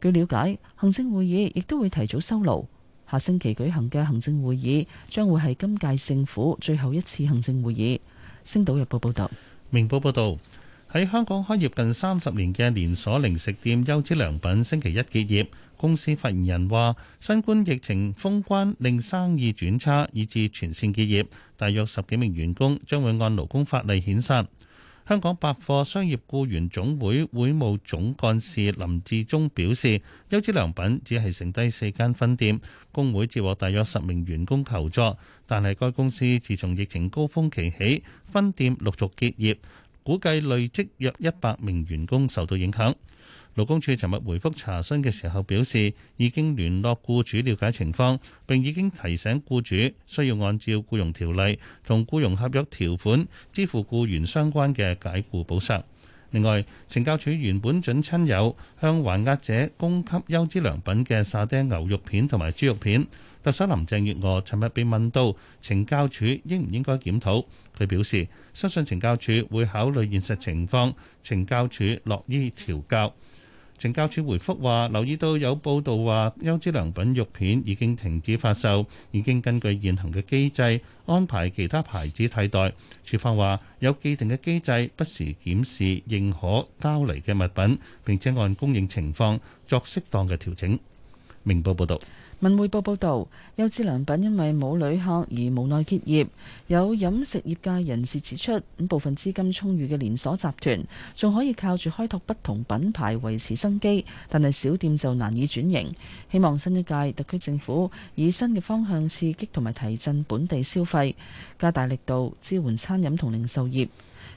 據了解，行政會議亦都會提早收爐。下星期舉行嘅行政會議將會係今屆政府最後一次行政會議。星島日報報道：「明報報道，喺香港開業近三十年嘅連鎖零食店優之良品星期一結業。公司發言人話：新冠疫情封關令生意轉差，以致全線結業。大約十幾名員工將會按勞工法例遣散。香港百貨商業僱員總會會務總幹事林志忠表示，優之良品只係剩低四間分店，工會接獲大約十名員工求助，但係該公司自從疫情高峰期起，分店陸續結業，估計累積約一百名員工受到影響。勞工處尋日回覆查詢嘅時候表示，已經聯絡雇主了解情況，並已經提醒雇主需要按照僱傭條例同僱傭合約條款支付僱員相關嘅解雇補償。另外，懲教處原本准親友向還押者供給優質良品嘅沙爹牛肉片同埋豬肉片。特首林鄭月娥尋日被問到，懲教處應唔應該檢討，佢表示相信懲教處會考慮現實情況，懲教處樂於調教。懲教署回覆話：留意到有報道話優質良品肉片已經停止發售，已經根據現行嘅機制安排其他牌子替代。署方話有既定嘅機制不時檢視認可交嚟嘅物品，並且按供應情況作適當嘅調整。明報報道。文匯報報道，優質良品因為冇旅客而無奈結業。有飲食業界人士指出，咁部分資金充裕嘅連鎖集團仲可以靠住開拓不同品牌維持生機，但係小店就難以轉型。希望新一屆特區政府以新嘅方向刺激同埋提振本地消費，加大力度支援餐飲同零售業。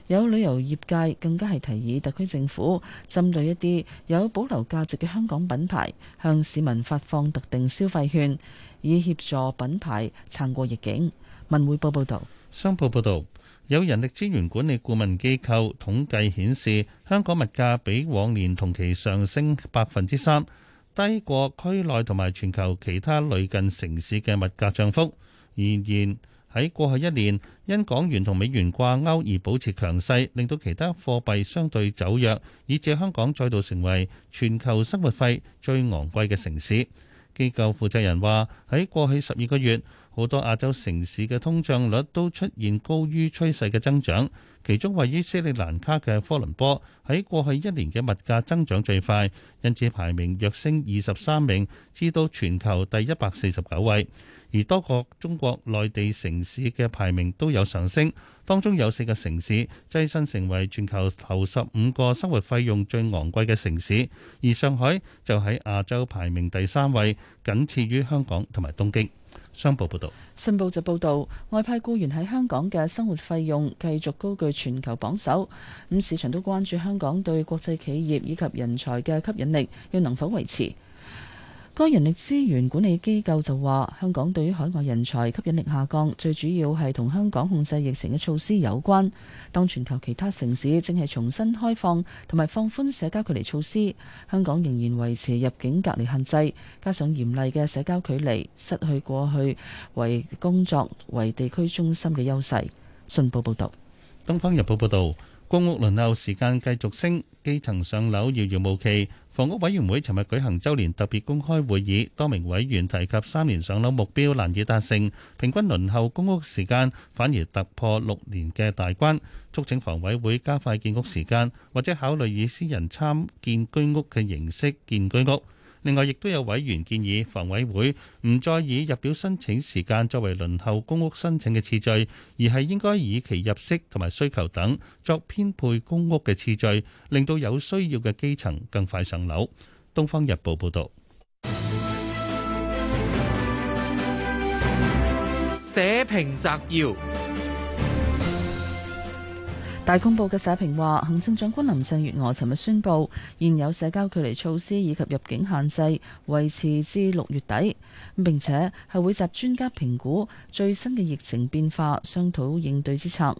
有旅遊業界更加係提議特區政府針對一啲有保留價值嘅香港品牌，向市民發放特定消費券，以協助品牌撐過逆境。文匯報報導，商報報導，有人力資源管理顧問機構統計顯示，香港物價比往年同期上升百分之三，低過區內同埋全球其他類近城市嘅物價漲幅。然而喺過去一年，因港元同美元掛鈎而保持強勢，令到其他貨幣相對走弱，以至香港再度成為全球生活費最昂貴嘅城市。機構負責人話：喺過去十二個月，好多亞洲城市嘅通脹率都出現高於趨勢嘅增長，其中位於斯里蘭卡嘅科倫坡喺過去一年嘅物價增長最快，因此排名躍升二十三名，至到全球第一百四十九位。而多個中國內地城市嘅排名都有上升，當中有四個城市躋身成為全球頭十五個生活費用最昂貴嘅城市，而上海就喺亞洲排名第三位，僅次於香港同埋東京。商報報道，信報就報導外派僱員喺香港嘅生活費用繼續高居全球榜首，咁市場都關注香港對國際企業以及人才嘅吸引力又能否維持。該人力資源管理機構就話：香港對於海外人才吸引力下降，最主要係同香港控制疫情嘅措施有關。當全球其他城市正係重新開放同埋放寬社交距離措施，香港仍然維持入境隔離限制，加上嚴厲嘅社交距離，失去過去為工作為地區中心嘅優勢。信報報道：《東方日報》報道，公屋輪候時間繼續升，基層上樓遙遙無期。房屋委員會尋日舉行周年特別公開會議，多名委員提及三年上樓目標難以達成，平均輪候公屋時間反而突破六年嘅大關，促請房委會加快建屋時間，或者考慮以私人參建居屋嘅形式建居屋。另外，亦都有委員建議房委會唔再以入表申請時間作為輪候公屋申請嘅次序，而係應該以其入息同埋需求等作編配公屋嘅次序，令到有需要嘅基層更快上樓。《東方日報，報》報道：捨評摘要。大公報嘅社評話，行政長官林鄭月娥尋日宣布，現有社交距離措施以及入境限制維持至六月底，並且係會集專家評估最新嘅疫情變化，商討應對之策。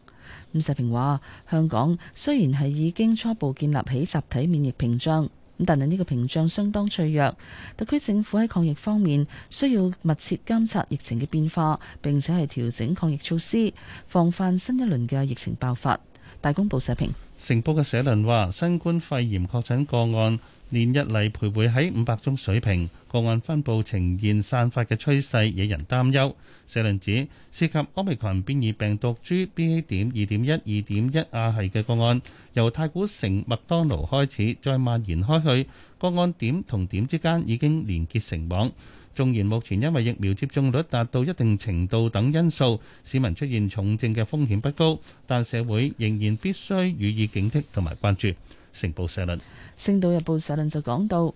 咁社評話，香港雖然係已經初步建立起集體免疫屏障，但係呢個屏障相當脆弱，特區政府喺抗疫方面需要密切監察疫情嘅變化，並且係調整抗疫措施，防範新一輪嘅疫情爆發。大公報社評，城報嘅社論話，新冠肺炎確診個案連日嚟徘徊喺五百宗水平，個案分布呈現散發嘅趨勢，惹人擔憂。社論指涉及 Omicron 變異病毒 G B A 點二點一二點一亞系嘅個案，由太古城麥當勞開始，再蔓延開去，個案點同點之間已經連結成網。縱然目前因為疫苗接種率達到一定程度等因素，市民出現重症嘅風險不高，但社會仍然必須予以警惕同埋關注。成報社論。《星島日報》社論就講到，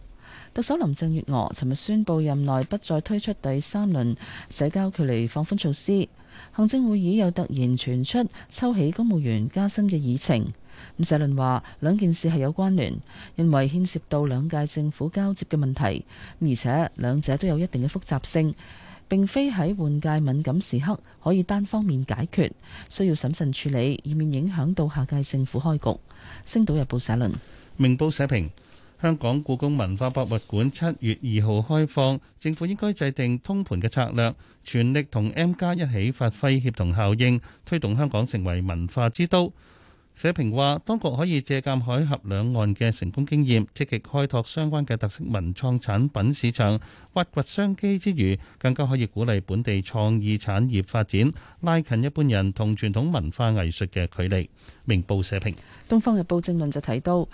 特首林鄭月娥尋日宣布任內不再推出第三輪社交距離放寬措施，行政會議又突然傳出抽起公務員加薪嘅議程。咁社論話兩件事係有關聯，因為牽涉到兩屆政府交接嘅問題，而且兩者都有一定嘅複雜性，並非喺換屆敏感時刻可以單方面解決，需要審慎處理，以免影響到下屆政府開局。星島日報社論，明報社評：香港故宮文化博物館七月二號開放，政府應該制定通盤嘅策略，全力同 M+ 一起發揮協同效應，推動香港成為文化之都。社評話，當局可以借鑒海峽兩岸嘅成功經驗，積極開拓相關嘅特色文創產品市場，挖掘商機之餘，更加可以鼓勵本地創意產業發展，拉近一般人同傳統文化藝術嘅距離。明報社評，《東方日報》正論就提到。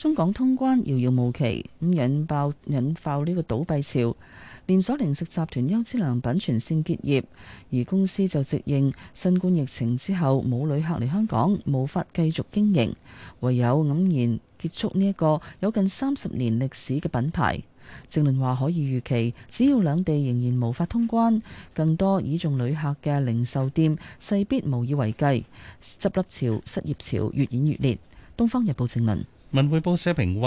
中港通關遙遙無期，咁引爆引爆呢個倒閉潮。連鎖零食集團優之良品全線結業，而公司就直認新冠疫情之後冇旅客嚟香港，無法繼續經營，唯有黯然結束呢一個有近三十年歷史嘅品牌。正論話可以預期，只要兩地仍然無法通關，更多倚重旅客嘅零售店勢必無以為繼，執笠潮、失業潮越演越烈。《東方日報》正論。文匯報社評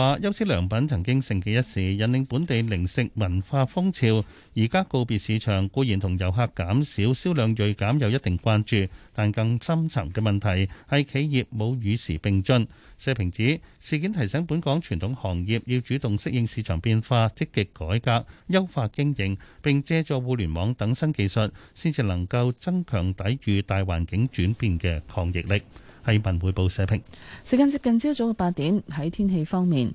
係文匯報社評。時間接近朝早嘅八點。喺天氣方面，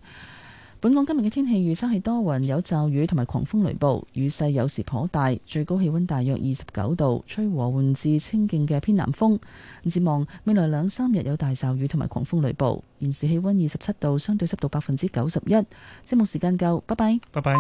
本港今日嘅天氣預測係多雲，有驟雨同埋狂風雷暴，雨勢有時頗大，最高氣溫大約二十九度，吹和緩至清勁嘅偏南風。咁展望未來兩三日有大驟雨同埋狂風雷暴。現時氣溫二十七度，相對濕度百分之九十一。節目時間夠，拜拜，拜拜。